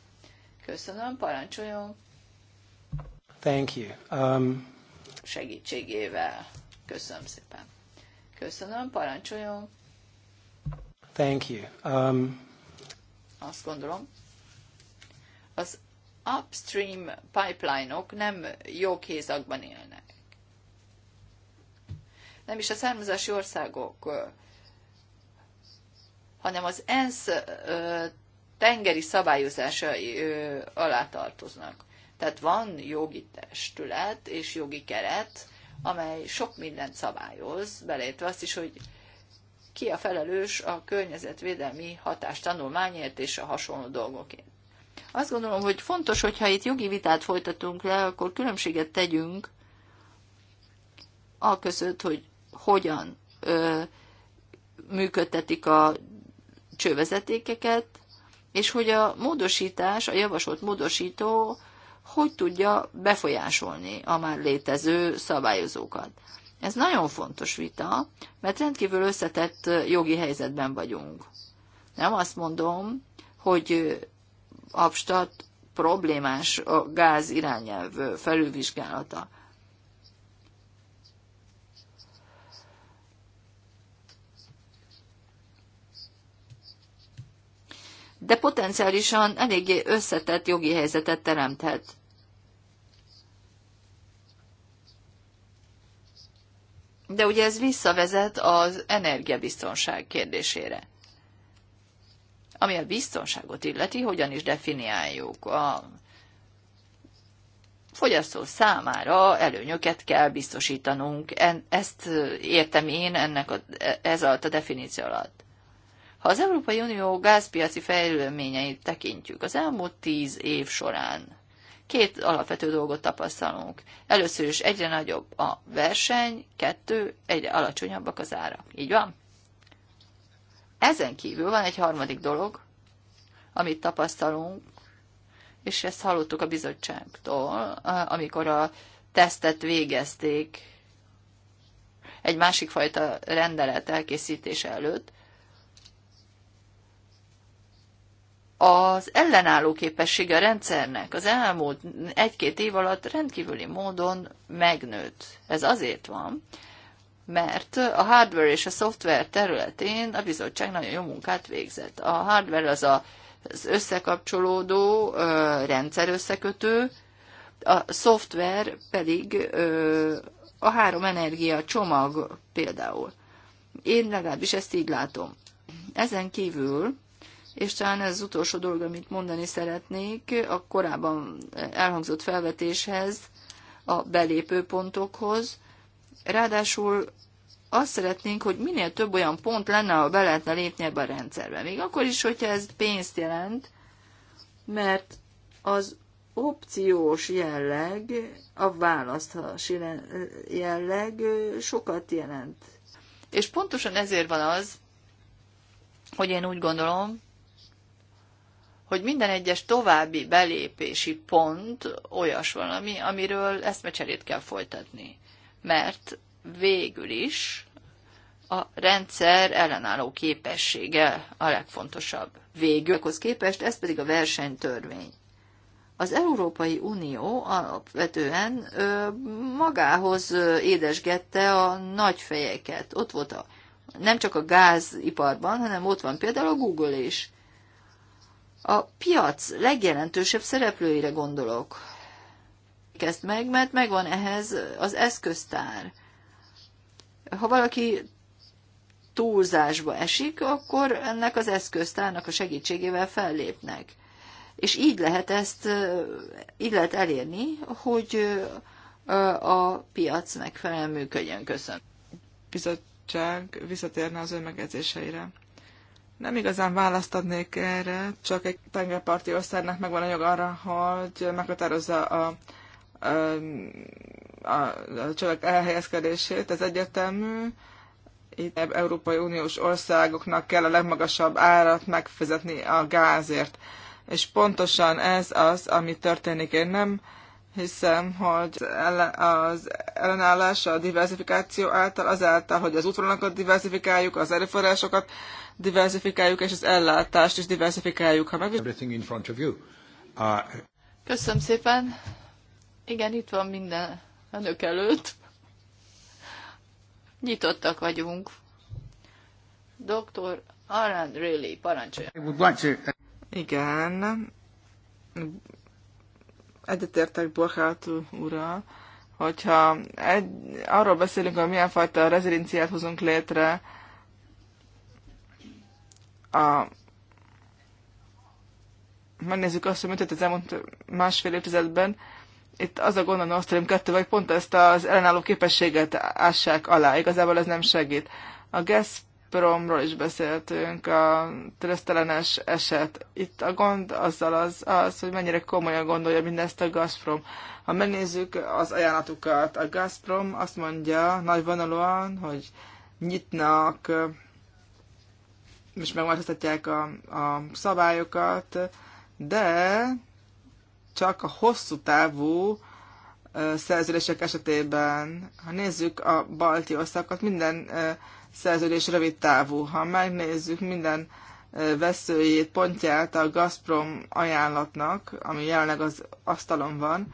Köszönöm, parancsoljon. Thank you. Um... Segítségével. Köszönöm szépen. Köszönöm, parancsoljon. Thank you. Um... Azt gondolom, az upstream pipeline-ok -ok nem jó kézakban élnek. Nem is a származási országok, hanem az ENSZ tengeri szabályozása alá tartoznak. Tehát van jogi testület és jogi keret, amely sok mindent szabályoz, beleértve azt is, hogy ki a felelős a környezetvédelmi hatástanulmányért és a hasonló dolgokért. Azt gondolom, hogy fontos, hogyha itt jogi vitát folytatunk le, akkor különbséget tegyünk a között, hogy hogyan ö, működtetik a csővezetékeket, és hogy a módosítás, a javasolt módosító hogy tudja befolyásolni a már létező szabályozókat. Ez nagyon fontos vita, mert rendkívül összetett jogi helyzetben vagyunk. Nem azt mondom, hogy abstat problémás a gáz irányelv felülvizsgálata. de potenciálisan eléggé összetett jogi helyzetet teremthet. De ugye ez visszavezet az energiabiztonság kérdésére. Ami a biztonságot illeti, hogyan is definiáljuk. A fogyasztó számára előnyöket kell biztosítanunk. Ezt értem én ennek a, ez alatt a definíció alatt. Ha az Európai Unió gázpiaci fejlőményeit tekintjük, az elmúlt tíz év során két alapvető dolgot tapasztalunk. Először is egyre nagyobb a verseny, kettő, egyre alacsonyabbak az ára. Így van? Ezen kívül van egy harmadik dolog, amit tapasztalunk, és ezt hallottuk a bizottságtól, amikor a tesztet végezték egy másik fajta rendelet elkészítése előtt, az ellenálló képessége a rendszernek az elmúlt egy-két év alatt rendkívüli módon megnőtt. Ez azért van, mert a hardware és a szoftver területén a bizottság nagyon jó munkát végzett. A hardware az a, az összekapcsolódó rendszer összekötő, a szoftver pedig a három energia csomag például. Én legalábbis ezt így látom. Ezen kívül és talán ez az utolsó dolog, amit mondani szeretnék, a korábban elhangzott felvetéshez, a belépőpontokhoz. Ráadásul azt szeretnénk, hogy minél több olyan pont lenne, ahol be lehetne lépni ebbe a rendszerbe. Még akkor is, hogyha ez pénzt jelent, mert az opciós jelleg, a választási jelleg sokat jelent. És pontosan ezért van az, hogy én úgy gondolom, hogy minden egyes további belépési pont olyas valami, amiről eszmecserét kell folytatni. Mert végül is a rendszer ellenálló képessége a legfontosabb. Végül, képest ez pedig a versenytörvény. Az Európai Unió alapvetően ö, magához édesgette a nagy fejeket. Ott volt a, nem csak a gáziparban, hanem ott van például a Google is. A piac legjelentősebb szereplőire gondolok. Kezd meg, mert megvan ehhez az eszköztár. Ha valaki túlzásba esik, akkor ennek az eszköztárnak a segítségével fellépnek. És így lehet ezt, így lehet elérni, hogy a piac megfelelően működjön. Köszönöm. Bizottság visszatérne az ő megjegyzéseire. Nem igazán választ adnék erre, csak egy tengerparti országnak megvan a jog arra, hogy meghatározza a, a, a, a csövek elhelyezkedését. Ez egyetemű. Itt Európai Uniós országoknak kell a legmagasabb árat megfizetni a gázért. És pontosan ez az, ami történik. Én nem hiszem, hogy az ellenállás a diversifikáció által, azáltal, hogy az útvonalakat diversifikáljuk, az erőforrásokat, diversifikáljuk, és az ellátást is diversifikáljuk. Ha meg... Uh, Köszönöm szépen. Igen, itt van minden önök előtt. Nyitottak vagyunk. Dr. Aran Riley, parancsolja. Igen. Egyetértek Borchát ura, hogyha egy, arról beszélünk, hogy milyen fajta rezilinciát hozunk létre a megnézzük azt, hogy mit az elmúlt másfél évtizedben, itt az a gond a Nord Stream 2 vagy pont ezt az ellenálló képességet ássák alá. Igazából ez nem segít. A Gazpromról is beszéltünk, a trösztelenes eset. Itt a gond azzal az, az, hogy mennyire komolyan gondolja mindezt a Gazprom. Ha megnézzük az ajánlatukat, a Gazprom azt mondja nagyvonalúan, hogy nyitnak és megváltoztatják a, a szabályokat, de csak a hosszú távú szerződések esetében, ha nézzük a balti országokat, minden szerződés rövid távú. Ha megnézzük minden veszőjét, pontját a Gazprom ajánlatnak, ami jelenleg az asztalon van,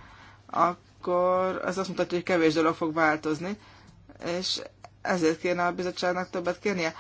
akkor ez azt mutatja, hogy kevés dolog fog változni, és ezért kéne a bizottságnak többet kérnie.